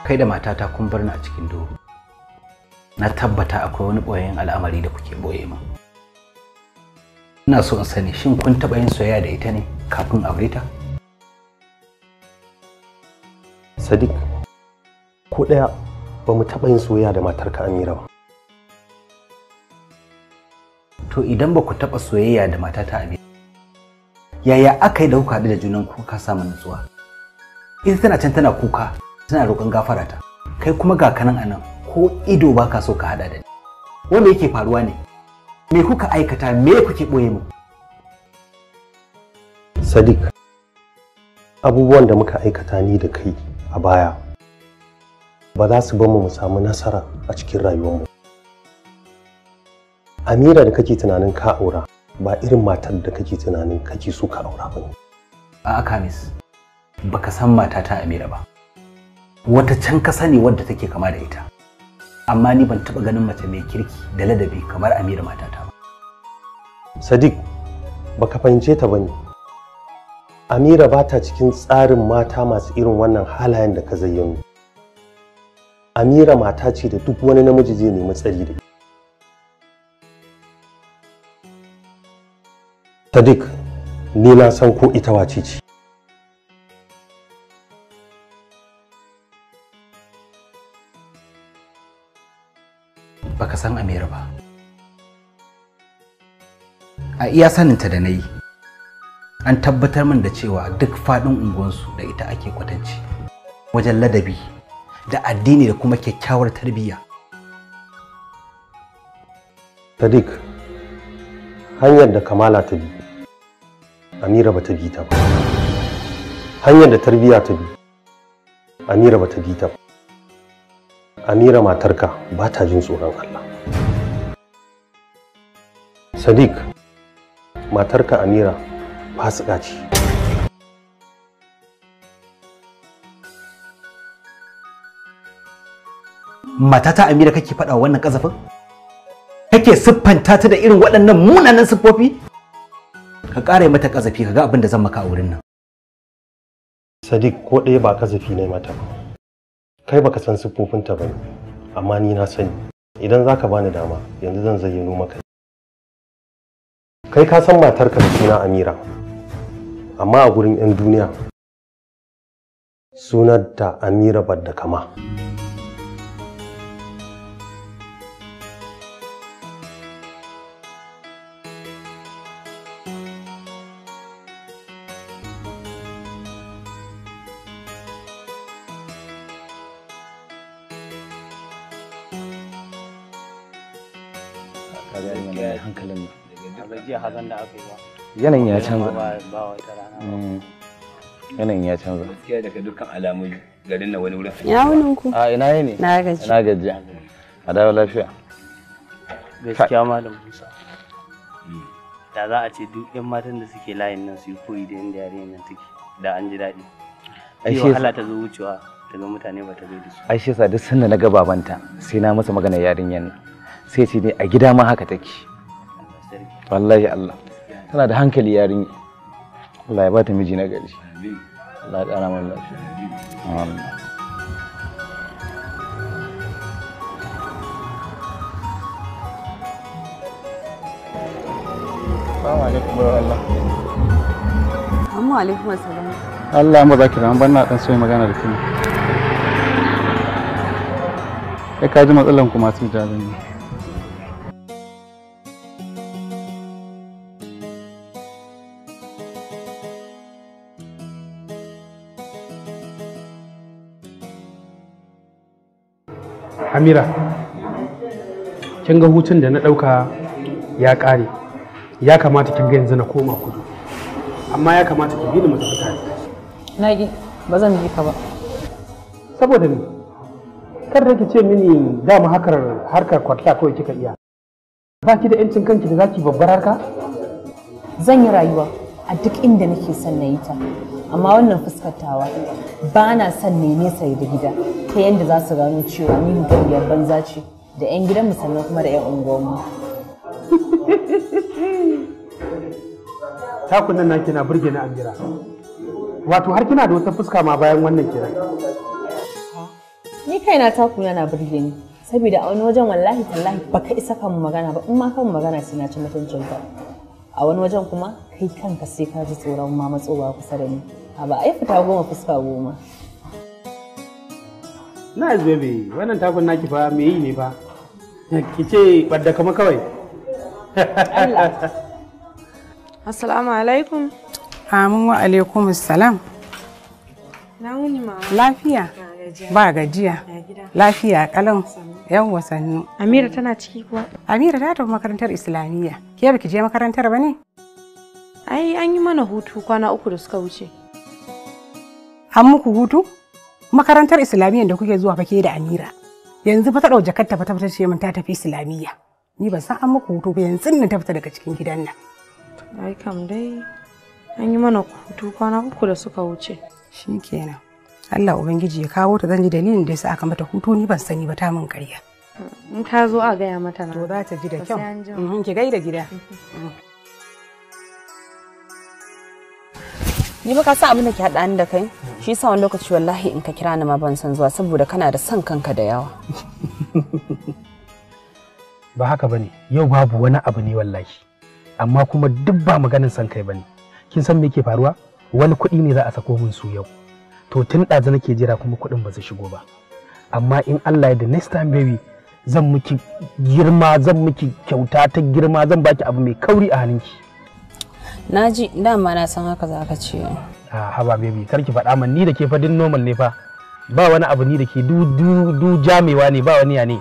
kai da matata kun bar ni a cikin duhu na tabbata akwai wani ɓoyen al'amari da kuke ɓoye min ina so in sani shin kun taɓa yin soyayya da ita ne kafin aure ta sadiq ko ɗaya ba mu taɓa yin soyayya da matarka Amira ba. To idan ba ku taɓa soyayya da matata Amira, yaya aka yi da kuka haɗu da junan ku ka samu nutsuwa? In tana can tana kuka, tana roƙon gafara ta. Kai kuma ga kanan anan, ko ido ba ka so ka haɗa da ni. Wanda yake faruwa ne? Me kuka aikata, me kuke ɓoye mu? Sadiq, abubuwan da muka aikata ni da kai a baya ba za su bamu mu samu nasara a cikin rayuwarmu amira da kake tunanin ka aura ba irin matar da kake tunanin kake so ka aura ba ne a'a ba baka san matata amira ba wata can ka sani wadda take kama da ita amma ni ban taba ganin mace mai kirki da ladabi kamar amira matata ba sadiq baka fahimce ta ba ne. amira ba ta cikin tsarin mata masu irin wannan halayen da ka zayyano amira mata ce da duk wani namiji zai nemi tsari da sadiq ni na san ko ita wace ce baka san amira ba a iya saninta da na yi an tabbatar min da cewa duk faɗin unguwansu da ita ake kwatance wajen ladabi da addini da kuma kyakkyawar tarbiyya sadiq hanyar da kamala ta bi amira ba ta bi ta ba hanyar da tarbiyya ta bi amira ba ta bi ta ba amira matarka ba ta jin tsoron allah sadiq matarka amira fasika ce matata amira kake faɗa wannan kazafin kake siffanta ta da irin waɗannan munanan siffofi ka ƙara mata kazafi ka ga abin da zan maka a wurin nan sadiq ko ɗaya ba kazafi ne mata kai baka san siffofinta ba amma ni na sani idan za ka bani dama yanzu zan zayyano maka kai ka san matarka da suna amira amma a gurin 'yan duniya sunanta amira badda kama yanayin ya canza mm. yanayin ya canza gaskiya daga dukkan alamu garin na wani wurin ya wani ku a ah, ina ne na gaji na gaji a dawo lafiya gaskiya malam Musa mm. da za a ce duk yan matan da suke layin nan su yi koyi da yanda yare nan take da an ji daɗi ai wahala ta zo wucewa ta ga mutane ba ta zo da su ai shi duk sanda na ga babanta sai na masa magana yarinyar nan sai ce ne a gida ma haka take wallahi Allah tana da hankali yarinya Allah ya bata miji na gari Allah ya ƙara mana lafiya amin Assalamu alaikum wa Allah mu zaki ran ban na dan so magana da kuma. Kai ka ji matsalan ku masu jarin hamira kin ga hutun da na ɗauka ya ƙare ya kamata kin ga yanzu na koma kudu amma ya kamata ki gina mata fita na gi ba zan bi ka ba saboda ni kar da ki ce mini dama hakar harkar kwatla kawai kika iya ba ki da yancin kanki da zaki babbar harka zan yi rayuwa a duk inda nake son na yi ta amma wannan fuskatawa ba na son ne nesa da gida ta yadda za su gano cewa ni mutumiyar banza ce da 'yan gidanmu sannan kuma da 'yan unguwanmu takunan nan na burge na amira wato har kina da wata fuska ma bayan wannan kiran ni kaina takuna na burge ni saboda a wani wajen wallahi tallahi baka isa kan magana ba in ma kan magana sai na ci mutuncin ka a wani wajen kuma kai kanka sai ka ji tsoron ma matsowa kusa da ni a ba ai fita goma fuska goma na zobe wannan takun naki fa me yi ne fa ki ce ɓadda kama kawai assalamu alaikum amin wa alaikum assalam lafiya ba gajiya lafiya kalan yan wasanni amira tana ciki kuwa amira ta tafi makarantar islamiyya Ke baki je makarantar ba ne? Ai an yi mana hutu kwana uku da suka wuce. An muku hutu? Makarantar Islamiyya da kuke zuwa fake da Amira. Yanzu fa ta ɗau jakar ta fata ce min ta tafi Islamiyya. Ni ban san an muku hutu ba yanzu nan ta fita daga cikin gidan nan. Ai kam dai an yi mana hutu kwana uku da suka wuce. Shikenan. Allah Ubangiji ya kawo ta zan dalilin da yasa aka mata hutu ni ban sani ba ta min ƙarya. in ta zo a gaya mata na to za ta ji da kyau mhm, ki gaida gida mhm. Mhm. ni ba ka san abin da ke haɗa ni da kai shi yasa wani lokaci wallahi in ka kira ni ma ban san zuwa saboda kana da san kanka da yawa ba haka bane yau babu wani abu ne wallahi amma kuma duk ba maganin son kai bane kin san me ke faruwa wani kuɗi ne za a sako min su yau to tun ɗazu nake jira kuma kuɗin ba su shigo ba amma in Allah ya da next time baby zan miki girma zan miki kyauta ta girma zan baki abu mai kauri a hannunki na ji dama na san haka za ka ce a ah, haba baby kar ki faɗa man ni da ke fadin normal ne fa ba wani abu ni da ke du du du jamewa ne ba wani ya ne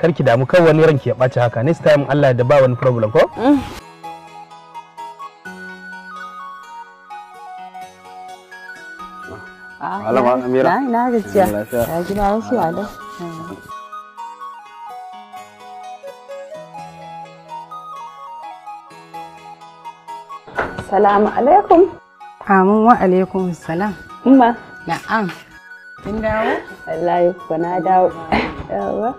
kar ki damu kawai wani ranki ya ɓaci haka next time Allah da ba wani problem ko mm. Amira. Na gajiya. Assalamu alaikum. Amin wa alaikum salam. Umma. Na'am. Kin dawo? Wallahi ko na dawo. Yawa.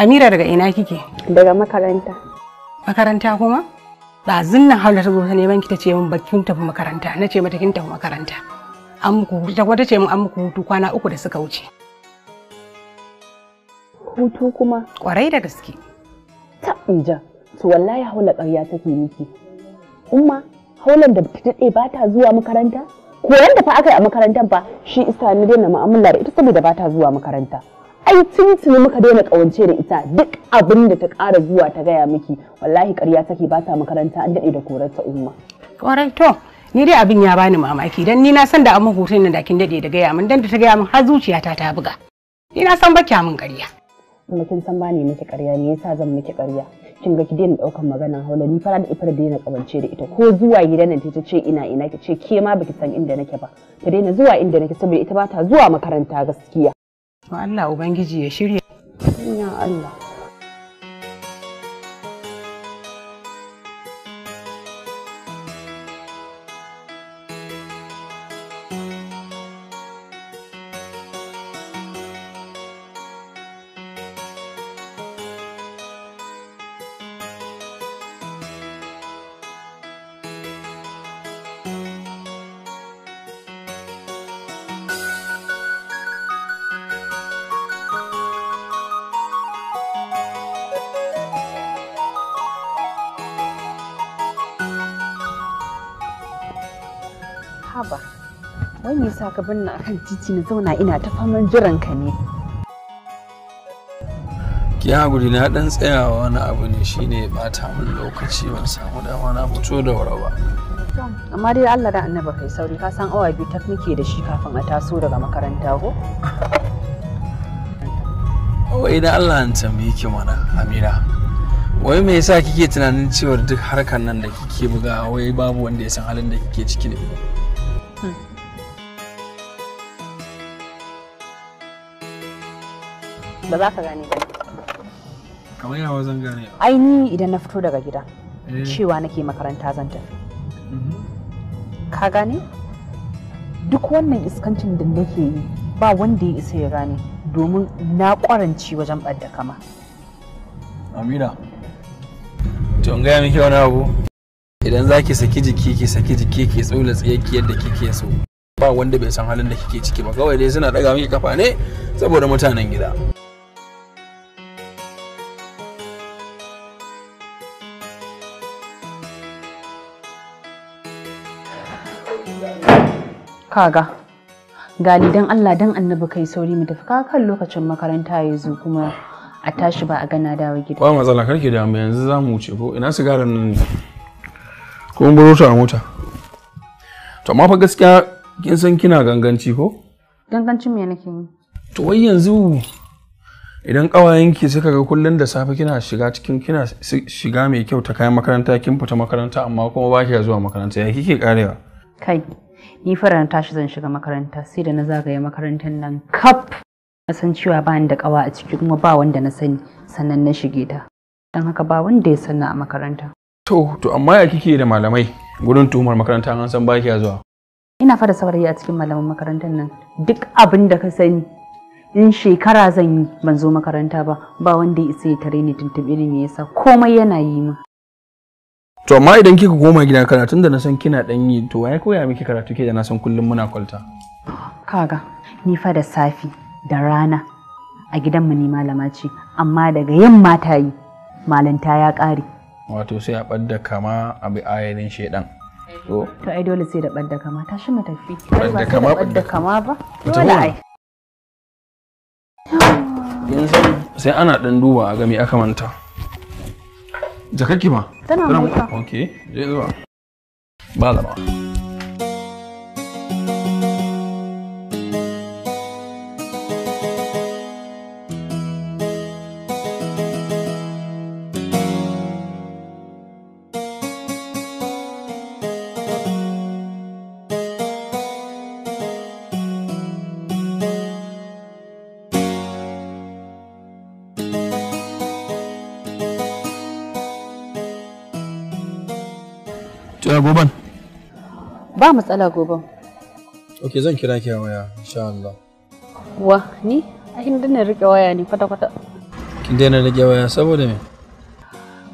Amira daga ina kike? Daga makaranta. Makaranta kuma? Ba zinna haula ta zo ta neman ki ta ce min bakin tafi makaranta. Na ce mata kin tafi makaranta. An muku ta ce min an muku hutu kwana uku da suka wuce. Hutu kuma? Kwarai da gaske. Ta inja. To wallahi haula ƙarya take miki. umma haulan da ta daɗe ba ta zuwa makaranta ko da fa aka yi a makarantar ba? shi isa na daina mu'amala da ita saboda ba ta zuwa makaranta ai tuntuni muka daina kawance da ita duk abin da ta ƙara zuwa ta gaya miki wallahi ƙarya take ba ta makaranta an daɗe da korarta umma ƙwarai to ni dai abin ya bani mamaki dan ni na san da amma hutun nan da kin daɗe da gaya min dan da ta gaya min har zuciyata ta buga ni na san ba min ƙarya kin san bani ne miki ƙarya me yasa zan miki ƙarya kin ga ki daina daukan maganan haula ni fara da ifar daina kabance da ita ko zuwa gidan nan ta ce ina ina ki ce ke ma baki san inda nake ba ta daina zuwa inda nake saboda ita ba ta zuwa makaranta gaskiya to Allah ubangiji ya shirya ya Allah ka binna kan titi na zauna ina ta faman jiran ka ne ki haƙuri na dan tsayawa wani abu ne shine ya bata min lokaci ban samu dama na fito da wara ba amma dai Allah da annaba kai sauri ka san awa biyu ta muke da shi kafin a taso daga makaranta ko wai da Allah an tambaye ki mana amira wai me yasa kike tunanin cewa duk harkar nan da kike buga wai babu wanda ya san halin da kike ciki ne ba za ka gane ba kamar yawa zan gane ai idan na fito daga gida eh. cewa nake makaranta zan tafi mm-hmm. ka gane duk wannan iskancin da nake yi ba wanda ya isa ya gane domin na kwaranci wajen ɓadda kama amina to gaya miki wani abu idan za ki saki jiki ki saki jiki ki tsula tsayaki yadda kike so ba wanda bai san halin da kike ciki ba kawai dai suna daga miki kafa ne saboda mutanen gida kaga gali dan Allah dan annabi kai sauri mu tafi kaga kan lokacin makaranta ya zo kuma a tashi ba a gana dawo gida ba matsala karki da mu yanzu za mu wuce ko ina sigaran nan ne ko mun baro ta a mota to amma fa gaskiya kin san kina ganganci ko gangancin me nake yi to wai yanzu idan ƙawayenki suka ga kullum da safe kina shiga cikin kina shiga mai kyau ta kayan makaranta kin fita makaranta amma kuma ba zuwa makaranta ya kike karewa kai ni fara na tashi zan shiga makaranta sai da na zagaye makarantar nan kaf na san cewa ba ni da kawa a ciki kuma ba wanda na sani sannan na shige ta dan haka ba wanda ya sanna a makaranta to to amma ya kike da malamai gurin tuhumar makaranta an san ba kiya zuwa ina fara saurayi a cikin malaman makarantar nan duk abin da ka sani in shekara zan yi ban zo makaranta ba ba wanda ya isa ya tare ni tuntuɓe ni me yasa komai yana yi ma. to amma idan kika koma gida karatun da na san kina dan yi to waye koya miki karatu ke da na san kullum muna kwalta kaga ni fa da safi da rana a gidanmu ni malama ce amma daga yamma ta yi malanta ya ƙare wato sai a ɓadda kama a bi ayanin shaidan to ai dole sai da ɓadda kama ta shi mu tafi badda kama ɓadda kama ba dole ai sai ana ɗan duba a ga me aka manta Jaka kima? tana mota okay je Bada, malama ba matsala gobe ok zan kira ki a waya insha Allah wa ni ai daina rike waya ne kwata kwata kin daina rike waya saboda me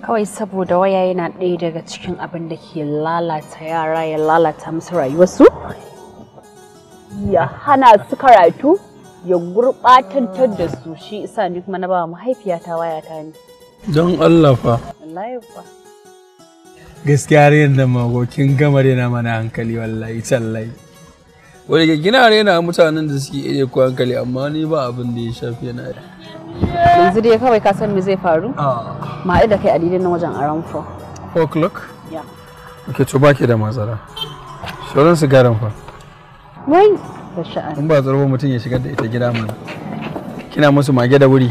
kawai saboda waya yana ɗaya daga cikin abin da ke lalata yara ya lalata musu rayuwarsu ya hana su karatu ya gurɓatantar da su shi isa ni kuma na ba mahaifiyata waya ta ne don Allah fa wallahi fa gaskiya rayan da magokin gamar yana mana hankali wallahi tallai wani ke gina rena mutanen da suke iya ku hankali amma ni ba abin da ya shafi yana yanzu dai kawai ka san me zai faru ah. ma da kai a didin nan wajen around 4 4 o'clock ya ke to ke da matsala shoran garan fa wai da sha'ani in ba tsaro mutum ya shigar da ita gida mana kina musu mage da wuri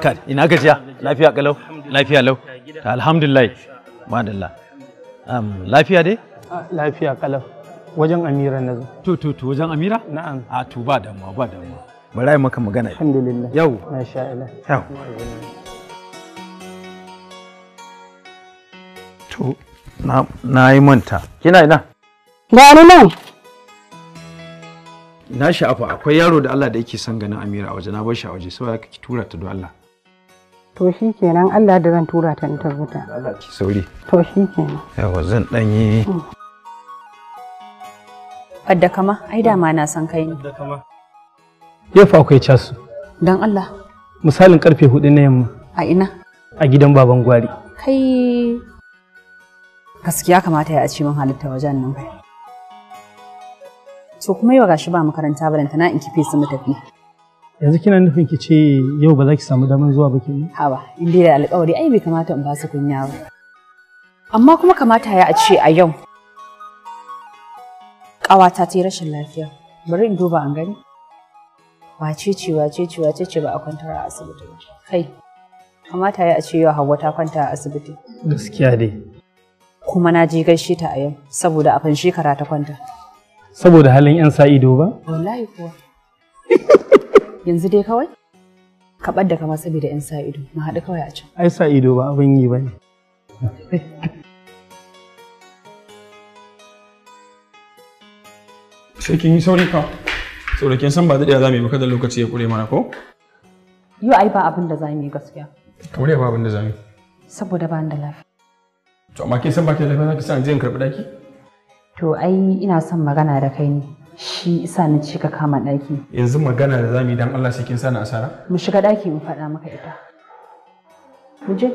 barka ina gajiya lafiya kalau lafiya lau alhamdulillah madalla um, lafiya dai lafiya kalau wajen amira na zo to to to wajen amira na'am a to ba damuwa ba damuwa bari maka magana alhamdulillah yau masha Allah yau to na na yi manta kina ina ga ni nan na sha'afa akwai yaro da Allah da yake son ganin Amira a waje na bar shi a waje saboda ki tura ta don Allah to shi kenan Allah da zan tura ta in ta zuta sauri to shi kenan yawa zan dan yi mm. adda kama ai dama na san kai ne adda kama yau fa akwai casu dan Allah misalin karfe hudu na yamma a ina a gidan baban gwari kai gaskiya kamata ya ci min halitta wajen nan to kuma yau gashi ba makaranta balanta na in kife su mu tafi yanzu kina nufin ki ce yau ba za ki samu damar zuwa ba ne? haba in dai da alƙawari ai bai kamata in ba su kunya ba amma kuma kamata ya a ce a yau ƙawata ta yi rashin lafiya bari in duba an gani wace ce wace ce wace ce ba a kwantar a asibiti ba kai kamata ya a ce yau Hauwa ta kwanta a asibiti gaskiya dai kuma na je gaishe ta a yau saboda a kan shekara ta kwanta saboda halin yan sa ido ba wallahi kuwa yanzu dai kawai ka da kama saboda 'yan sa ido mu haɗu kawai a can ai sa ido ba abin yi ba ne sai kin yi sauri ka saboda kin san ba daɗewa za mu yi ba kada lokaci ya ƙure mana ko yau ai ba abin da za mu yi gaskiya kamar ba abin da za mu yi saboda ba da lafiya to amma kin san ba ki da lafiya za ki san je in karɓi ɗaki to ai ina son magana da kai ne shi isa na ci ka kama ɗaki yanzu magana da zamu yi dan Allah sai kin sani asara mu shiga ɗaki mu faɗa maka ita mu je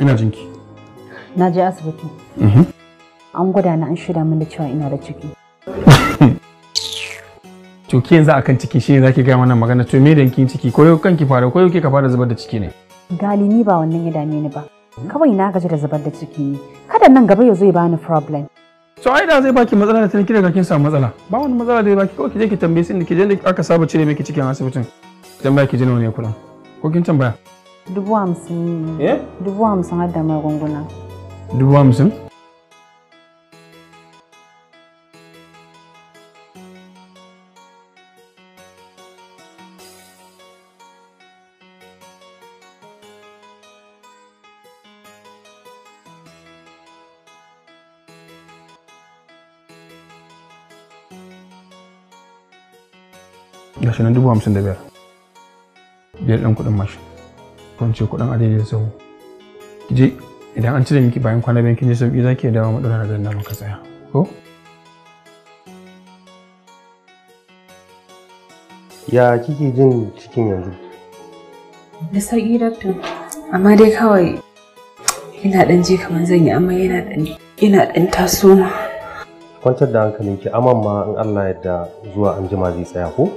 ina jinki na je asibiti mhm. an gwada na an shirya min da cewa ina da ciki to ke yanzu akan ciki shi zaki gaya mana magana to me da kin ciki yau kanki fara yau ke ka fara zubar da ciki ne gali ni ba wannan ya dame ni ba kawai na gaji da zubar da ciki ne kada nan gaba ya zo ya bani problem to ai da zai baki matsala da tunki daga kin samu matsala ba wani matsala da ya baki ko ki je ki tambaye sun ki je da aka saba cire miki cikin asibitin tambaya ki je nawa ne kula ko kin tambaya dubu hamsin eh? dubu hamsin har da magunguna dubu hamsin gashi dubu hamsin da biyar biyar ɗan kuɗin mashin ko ce kuɗin adadi da sahu ki je idan an cire miki bayan kwana biyan kin je sauki za ki dawo maɗora da nan maka tsaya ko ya kike jin cikin yanzu da sauki doctor amma dai kawai ina ɗan je kamar zan yi amma yana ɗan ina ɗan taso ma kwantar da hankalinki amma ma in Allah yadda zuwa anjima zai tsaya ko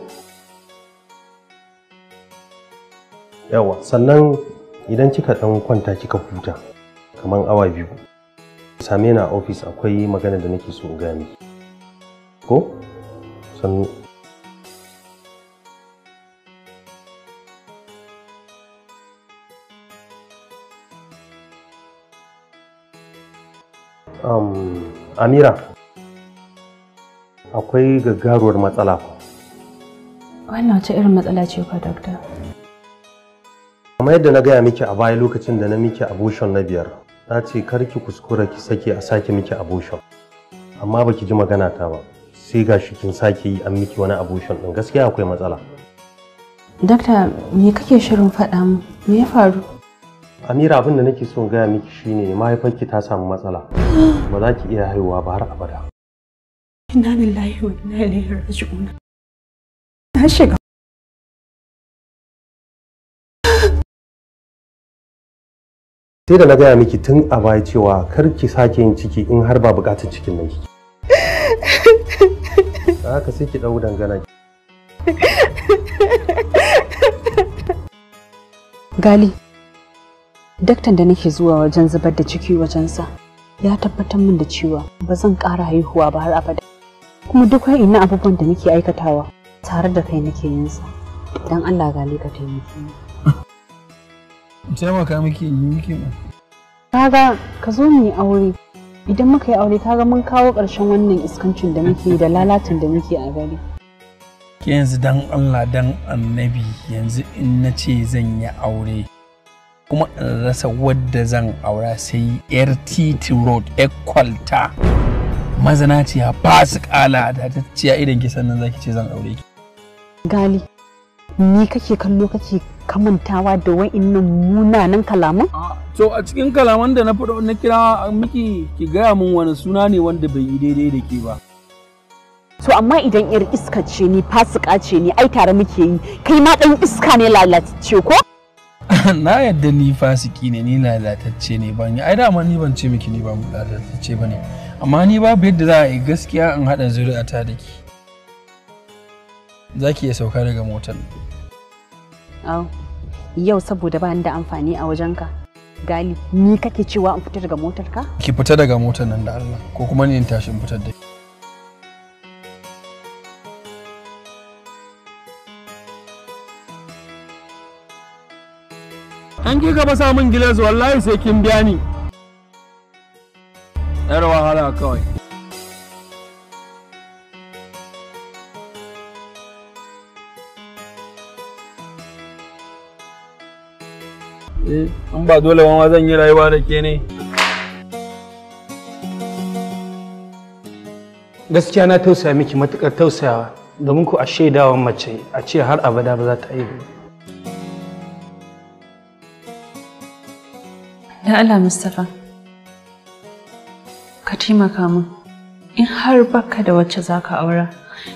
yawa sannan idan kika dan kwanta kika huta kamar awa biyu same ni a ofis akwai magana da nake so in gaya ko sannan um, amira akwai gaggaruwar matsala wannan wace irin matsala ce ka dokta kamar yadda na gaya miki a baya lokacin da na miki abushon na biyar na ce kar ki kuskura ki sake a sake miki abushon amma baki ji magana ta ba sai gashi kin sake yi an miki wani abushon din gaskiya akwai matsala dakta me kake shirin faɗa mu me ya faru amira abin da nake son gaya miki shine mahaifarki ta samu matsala ba za ki iya haihuwa ba har abada inna lillahi wa inna ilaihi raji'un na shiga sai da na gaya miki tun a baya cewa kar ki sake yin ciki in har ba bukatun cikin nan ki haka sai ki dau dangana gali daktan da nake zuwa wajen zubar da ciki wajensa ya tabbatar min da cewa ba zan ƙara haihuwa ba har abada kuma duk wani abubuwan da nake aikatawa tare da kai nake yin sa, idan allah gali ka taimake ni taimaka miki in yi miki Ka Kaga ka zo mu yi aure. Idan muka yi aure kaga mun kawo ƙarshen wannan iskancin da muke da lalatin da muke a gari. ke yanzu dan Allah dan annabi yanzu in na ce zan yi aure. Kuma in rasa wadda zan aura sai yar titi road ekwalta. ya ba su kala da ta ciya idan ki sannan zaki ce zan aure ki. Gali, ni kake kallo kake kamantawa da wa'innan munanan kalaman? Ah, so a cikin kalaman da na faɗo na kira miki ki gaya min wani suna ne wanda bai yi daidai da ke ba. To amma idan yar iska ce ni fasika ce ni ai tare muke yi kai ma ɗan iska ne lalatacce ko? na yadda ni fasiki ne ni lalatacce ne ban yi ai dama ni ban ce miki ni ba mu lalatacce ba ne amma ni babu yadda za a yi gaskiya in haɗa ta da ki. Za ki iya sauka daga motar. yau saboda ba da amfani a wajenka gali ni kake cewa in fita daga motar ka ki fita daga motar nan da Allah ko kuma ni in tashi in fitar da an ki gaba samun gilas wallahi sai kin biya ni yar wahala kawai an eh, ba dole ma zan yi rayuwa da ke ne gaskiya na tausaya miki matukar tausayawa domin ku a shaidawa mace a ce har abada ba za ta yi da Allah Mustapha ka taimaka min in har baka da wacce za ka aura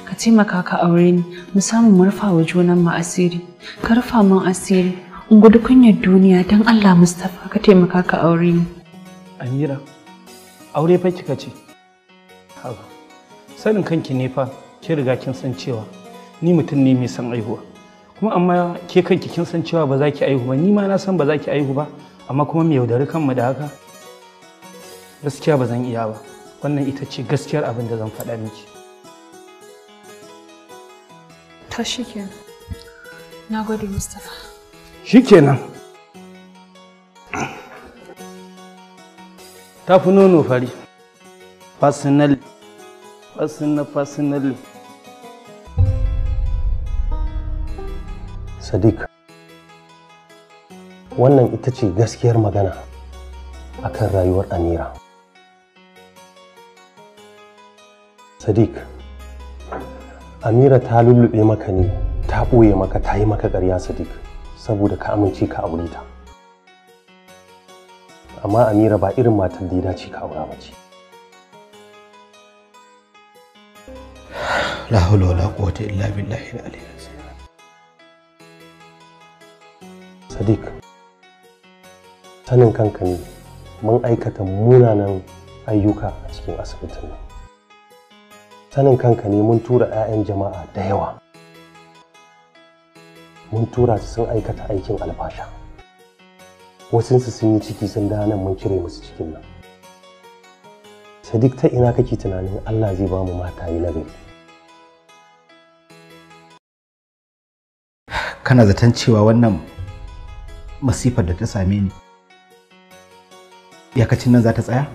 ka taimaka ka aure ni mu samu mu rufa wa junan mu asiri ka rufa mun asiri in gudu kunyar duniya don Allah Mustapha ka taimaka ka aure ni. Amira, aure fa kika ce. Haba, sanin kanki ne fa kin riga kin san cewa ni mutum ne mai son aihuwa. Kuma amma ke kanki kin san cewa ba za ki aihu ba, ni ma na san ba za ki aihu ba, amma kuma mu yaudari kanmu da haka. Gaskiya ba zan iya ba, wannan ita ce gaskiyar abin da zan faɗa miki. Ta shi Na gode Mustapha. shikenan ta fi nono fari personally personal sadiq wannan ita ce gaskiyar magana akan rayuwar amira sadiq amira ta lullube maka ne ta ɓoye maka ta yi maka ƙarya sadiq saboda ka amince ka aure ta amma amira ba irin matar da ya dace ka aura ba ce la hawla wala quwwata illa billahi al-aliyyil sadiq sanin kanka ne mun aikata munanan ayyuka a cikin asibitin nan sanin kanka ne mun tura 'ya'yan jama'a da yawa mun tura su sun aikata aikin alfasha wasunsu sun yi ciki sun da mun cire musu cikin nan sadiq ta ina kake tunanin allah zai ba mu mata yi gari kana zaton cewa wannan masifar da ta same ni yakacin nan za ta tsaya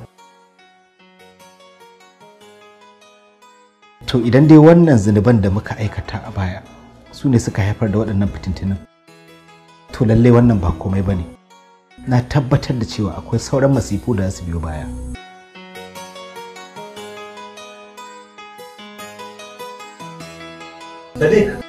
to idan dai wannan zinuban da muka aikata a baya su ne suka haifar da waɗannan fitintunan to lallai wannan ba komai ba ne na tabbatar da cewa akwai sauran masifu da za su biyo baya Sadiq.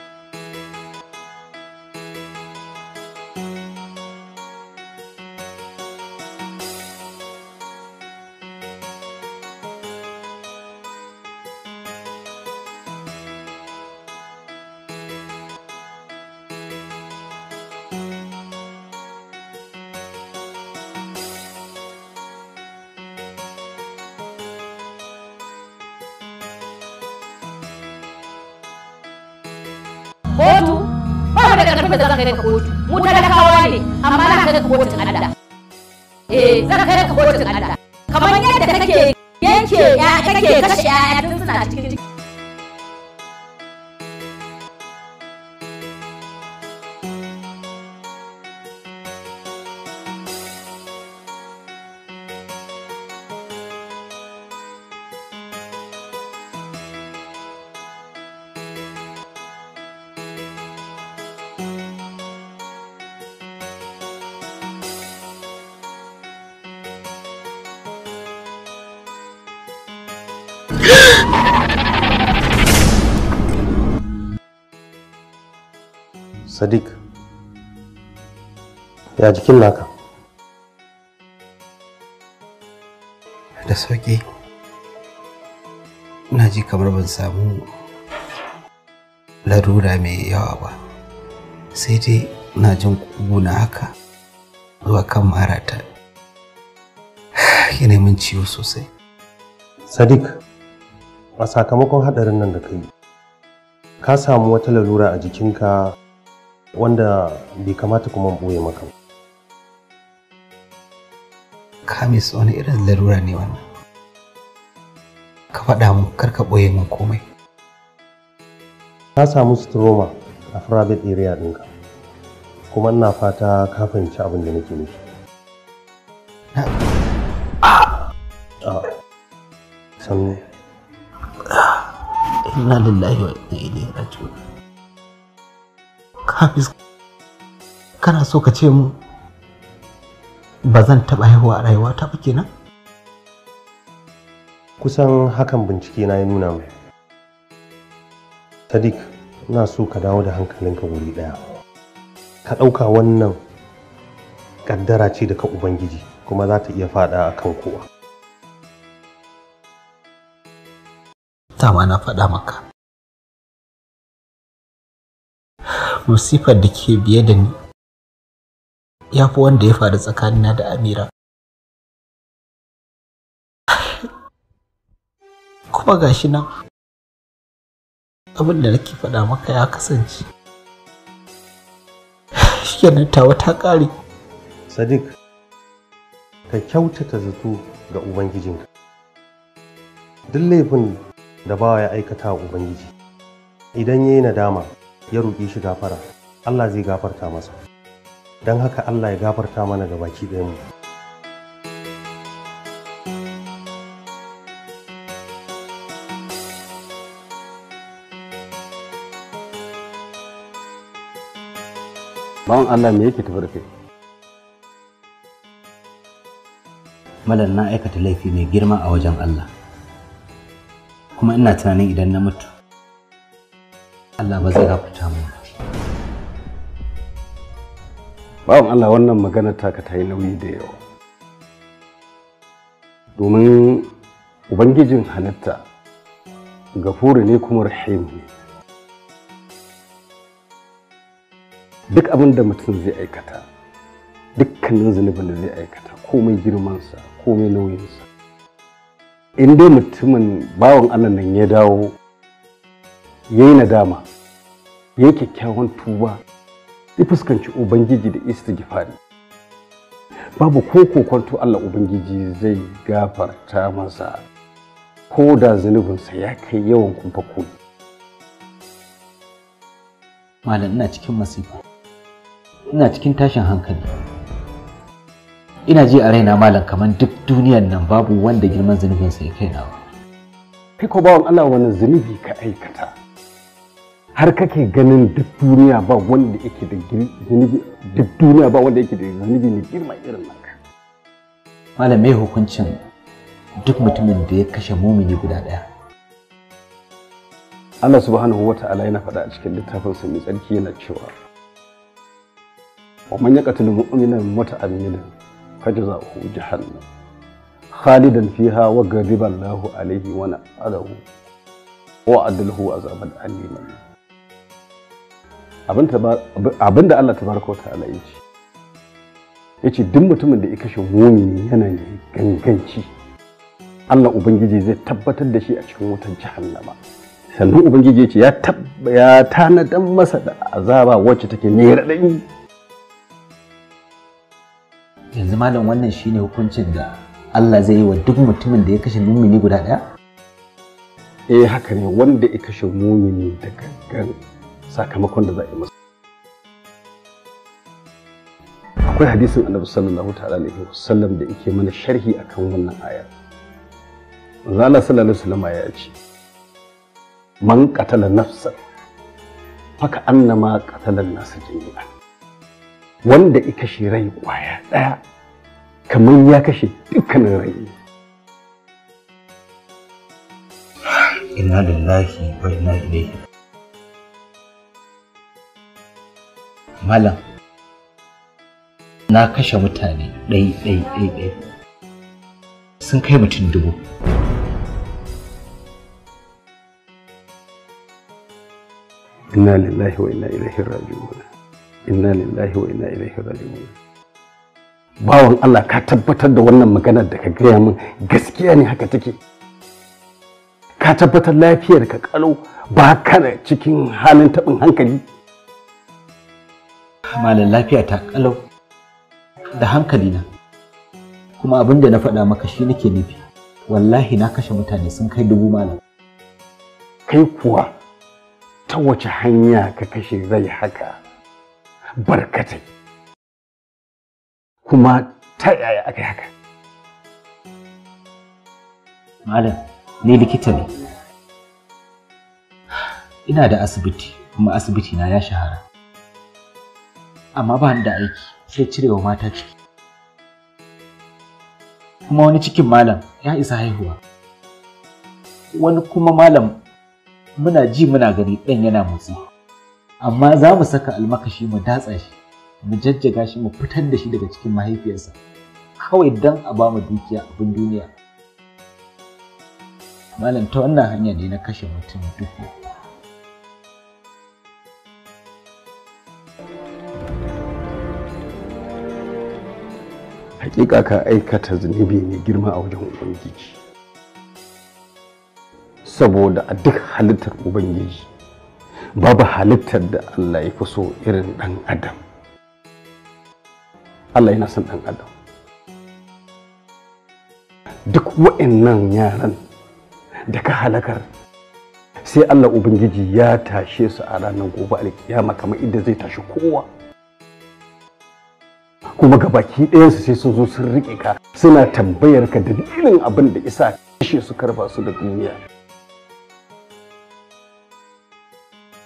ya jikin naka da sauƙi ina ji kamar ban samu larura mai yawa ba sai dai ina jin na haka zuwa kan marata yana mun ciwo sosai sadiq a sakamakon haɗarin nan da kai ka samu wata larura a jikinka wanda bai kamata kuma ɓoye maka ba kamis wani irin larura ne wannan ka faɗa mu kar ka ɓoye mun komai ka samu stroma a private area ɗinka kuma ina fata ka fahimci abin da nake nufi ah. sannu inna lillahi wa inna ilaihi raji'un kamis kana so ka ce mu ba zan taɓa haihuwa a rayuwata ba kenan? kusan hakan bincike na ya nuna mai sadiq ina so ka dawo da hankalinka wuri ɗaya ka ɗauka wannan ƙaddara ce daga ubangiji kuma za ta iya faɗa a kan kowa dama na faɗa maka musifar da ke biye da ni ya fi wanda ya faru tsakanina da amira kuma ga shi nan abin nake faɗa maka ya kasance shikenan tawa ta ƙare sadiq ka kyautata zato ga ubangijinka duk laifin da bawa ya aikata wa ubangiji idan ya yi nadama ya roƙi shi gafara allah zai gafarta masa don haka Allah ya gafarta mana ga baki ɗayan mu bawan Allah me yake tafi da kai malam na aikata laifi mai girma a wajen Allah kuma ina tunanin idan na mutu Allah ba zai gafarta mu ba bawan Allah wannan magana taka ta yi nauyi da yawa domin ubangijin halitta gafuri ne kuma rahim duk abin da mutum zai aikata dukkanin zunubin da zai aikata komai girmansa komai nauyinsa in dai mutumin bawan Allah nan ya dawo ya yi nadama ya yi kyakkyawan tuba ya fuskanci ubangiji da istighfari babu ko kokonto Allah ubangiji zai gafarta masa ko da zunubinsa ya kai yawan kumfa koyi malam ina cikin masifa ina cikin tashin hankali ina ji a raina malam kamar duk duniyar nan babu wanda girman zunubinsa ya kai nawa kai ko bawan Allah wani zunubi ka aikata har kake ganin duk duniya ba wanda yake da zunubi duk duniya ba wanda yake da zunubi ne girma irin naka malam mai hukuncin duk mutumin da ya kashe mumini guda daya Allah subhanahu wa ta'ala yana faɗa a cikin littafin sa mai tsarki yana cewa wa man yaqtulu mu'mina muta'ammidan fajza'uhu jahannam khalidan fiha wa ghadiba Allahu alayhi wa na'adahu wa adlahu azaban aliman abin da Allah ta wa ta'ala ya ce ya ce duk mutumin da ya kashe mumini yana ne ganganci Allah Ubangiji zai tabbatar da shi a cikin wutar jahannama sannan Ubangiji ya ce ya tanadan masa da azaba wacce take nera ɗanyi yanzu malam wannan shine hukuncin da Allah zai yi wa duk mutumin da ya kashe mumini guda ɗaya eh haka ne wanda ya kashe mumini da gangan sakamakon da za a yi masa akwai hadisin annabi sallallahu ta'ala alaihi wasallam da yake mana sharhi akan wannan aya manzo Allah sallallahu alaihi wasallam ya ce man qatala nafsan faka annama qatala nasa jami'a wanda ya kashe rai kwaya daya kamar ya kashe dukkanin rai inna lillahi wa inna ilaihi malam na kashe mutane ɗai ɗai ɗai ɗai sun kai mutum dubu inna lillahi wa inna ilaihi raji'un inna lillahi wa inna ilaihi raji'un bawon Allah ka tabbatar da wannan maganar da ka gaya min gaskiya ne haka take ka tabbatar lafiyar ka kalau ba kana cikin halin taɓin hankali malam lafiya ta kalau da hankali na kuma abin da na faɗa maka shi nake nufi wallahi na kashe mutane sun kai dubu malam kai kuwa ta wace hanya ka kashe zai haka barkatai kuma ta yaya aka haka malam ni likita ne ina da asibiti kuma asibiti na ya shahara amma ba da aiki sai wa mata ciki kuma wani cikin malam ya isa haihuwa wani kuma malam muna ji muna gani ɗan yana motsi amma za mu saka almakashi mu datsa shi mu jajjaga shi mu fitar da shi daga cikin mahaifiyarsa kawai don a ba mu dukiya abin duniya malam ta wannan hanya ne na kashe mutum duku hakika ka aikata zunubi mai girma a wajen ubangiji saboda a duk halittar ubangiji babu halittar da allah ya fi so irin dan adam allah yana son dan adam duk wa'annan yaran da ka halakar sai allah ubangiji ya tashe su a ranar gobe alkiyama kamar inda zai tashi kowa kuma gabaki ɗayansu sai sun zo sun riƙe ka suna tambayar ka dalilin abin da isa kashe su karba su da duniya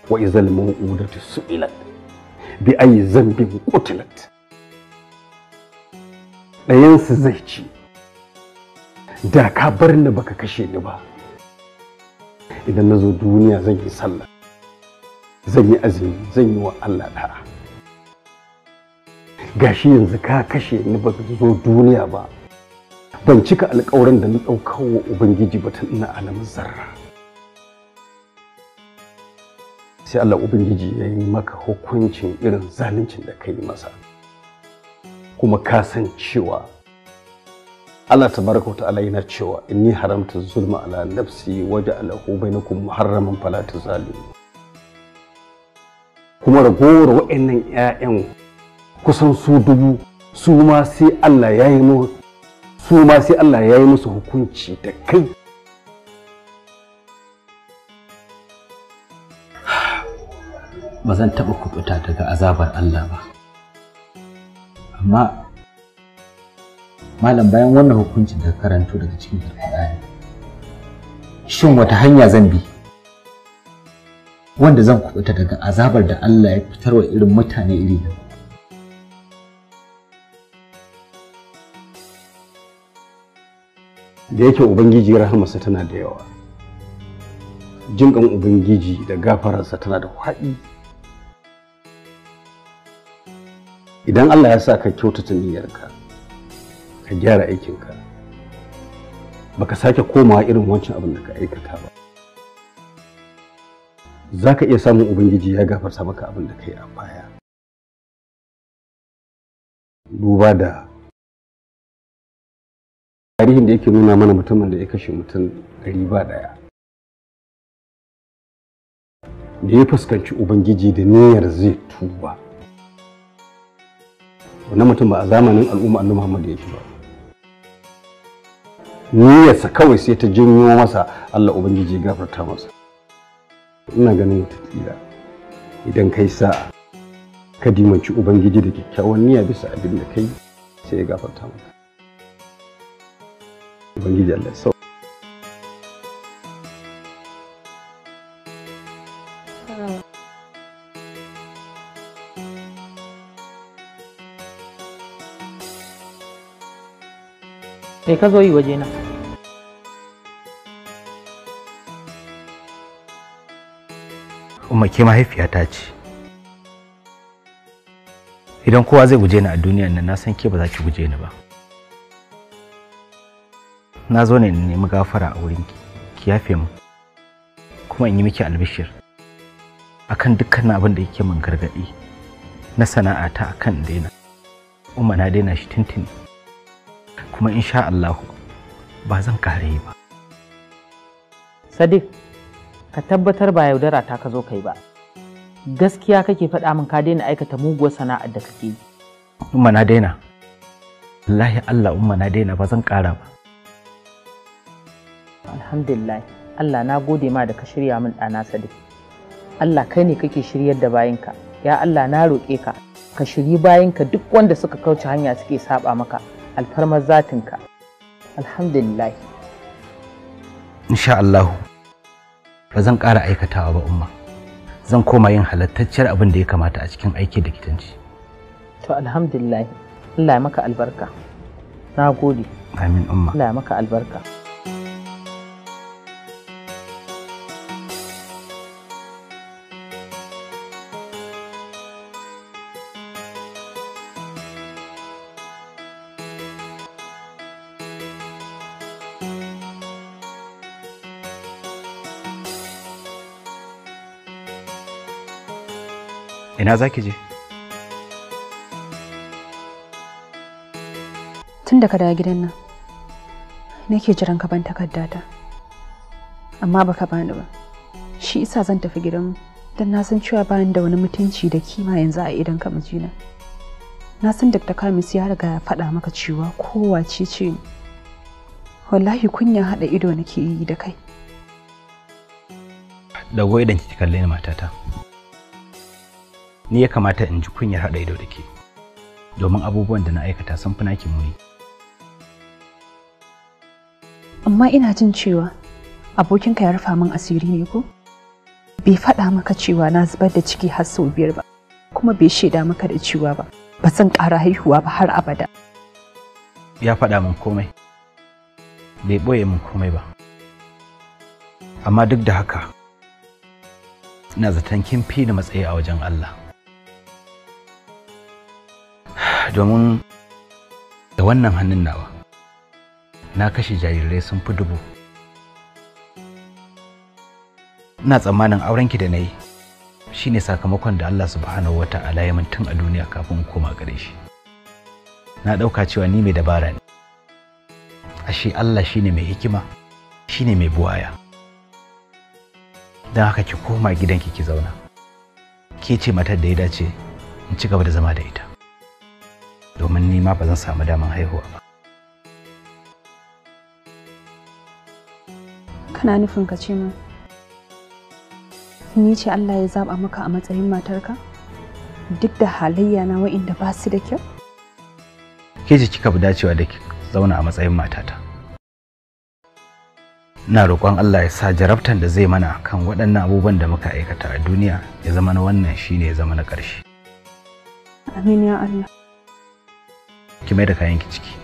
wa izal mu'udatu su'ilat bi ayi zambin qutilat ɗayansu zai ci da ka bar ni baka kashe ni ba idan nazo duniya zan yi sallah zan yi azumi zan yi wa Allah da'a gashi yanzu ka kashe ni ba zo duniya ba ban cika alƙawarin da na ɗaukar wa ubangiji ba tun ina alamun zarra sai Allah ubangiji ya yi maka hukuncin irin zaluncin da ka yi masa kuma ka san cewa Allah tabaraka wa ta'ala yana cewa inni haramta zulma ala nafsi waje alahu bainakum muharraman fala tazalu kuma ragowar wa'annan 'ya'yan kusan su dubu su ma sai Allah ya yi mu su ma sai Allah ya yi musu hukunci da kai ba zan taɓa kubuta daga azabar Allah ba amma malam bayan wannan hukuncin da karanto daga cikin alƙur'ani shin wata hanya zan bi wanda zan kubuta daga azabar da Allah ya fitarwa irin mutane iri da da yake ubangiji rahamarsa tana da yawa jin jinkan ubangiji da gafararsa tana da kwaɗi idan allah ya sa ka kyautata niyyarka ka gyara aikinka baka sake komawa irin wancan abin da ka aikata ba za ka iya samun ubangiji ya gafarta maka abin da ka yi a baya duba da tarihin da yake nuna mana mutumin da ya kashe mutum ɗari ba ɗaya da ya fuskanci ubangiji da niyyar zai tuba wannan mutum ba a zamanin al'umma Muhammadu ya yake ba niyyarsa kawai sai ta janyo masa allah ubangiji ya gafarta masa ina ganin wataƙila idan kai sa ka dimanci ubangiji da kyakkyawan niyya bisa abin da kai sai ya gafarta maka ubangiji Allah sau Sai ka zo yi waje na. ke mahaifiyata ce. Idan kowa zai guje ni a duniyan nan na san ke ba za ki guje ni ba. na zo ne in nemi gafara a wurin ki yafe mu kuma in yi miki albishir akan dukkan abin da yake min gargaɗi na sana'a sana'ata akan daina umma na daina shi tuntuni kuma insha Allah ba zan kare ba Sadiq ka tabbatar ba yaudara ta ka zo kai ba gaskiya kake faɗa min ka daina aikata muguwar sana'ar da kake yi umma na daina wallahi Allah umma na daina ba zan kara ba alhamdulillah Allah na gode ma da ka shirya min ɗana Sadiq Allah kai ne kake shiryar da ka, ya Allah na roƙe ka ka shiri ka duk wanda suka kauce hanya suke saba maka alfarmar zatinka alhamdulillah insha Allah ba zan ƙara aikatawa ba umma zan koma yin halattacciyar abin da ya kamata a cikin aiki da kitanci to alhamdulillah Allah ya maka albarka na gode amin umma Allah ya maka albarka ina za ki je tun da ka dawo gidan nan nake jiran ka ban ta amma baka bani ba shi isa zan tafi gidan don na san cewa bayan da wani mutunci da kima yanzu a idan ka mijina na san da kamis ya riga ya faɗa maka cewa kowa ce ce wallahi kunya haɗa ido nake yi da kai dago idan ki kalle ni matata ni ya kamata in ji kunyar haɗa ido da ke domin abubuwan da na aikata sun fi naki muni. Amma ina jin cewa abokinka ya rufa min asiri ne ko? Bai faɗa maka cewa na zubar da ciki har sau biyar ba, kuma bai shaida maka da cewa ba, ba zan ƙara haihuwa ba har abada. Ya faɗa min komai, bai ɓoye min komai ba. Amma duk da haka, na zaton kin fi da matsayi a wajen Allah. domin da wannan hannun nawa na kashe jarirai sun fi dubu ina tsammanin aurenki da na yi shine sakamakon da Allah subhanahu wa ta'ala ya tun a duniya kafin koma gare shi na ɗauka cewa ni mai dabara ne ashe Allah shine mai hikima shine mai buwaya don haka ki koma gidanki ki zauna ke ce matar da ya dace in ci gaba da zama da ita domin ni ma ba zan samu daman haihuwa ba kana nufin ka ce min ni ce Allah ya zaba maka a matsayin matarka duk da halayya na wa'inda ba su da kyau ke ji kika fi dacewa da ki zauna a matsayin matata ina roƙon Allah ya sa jarabtan da zai mana kan waɗannan abubuwan da muka aikata a duniya ya zama na wannan shine ya zama na ƙarshe amin ya Allah ki mai da kayanki ciki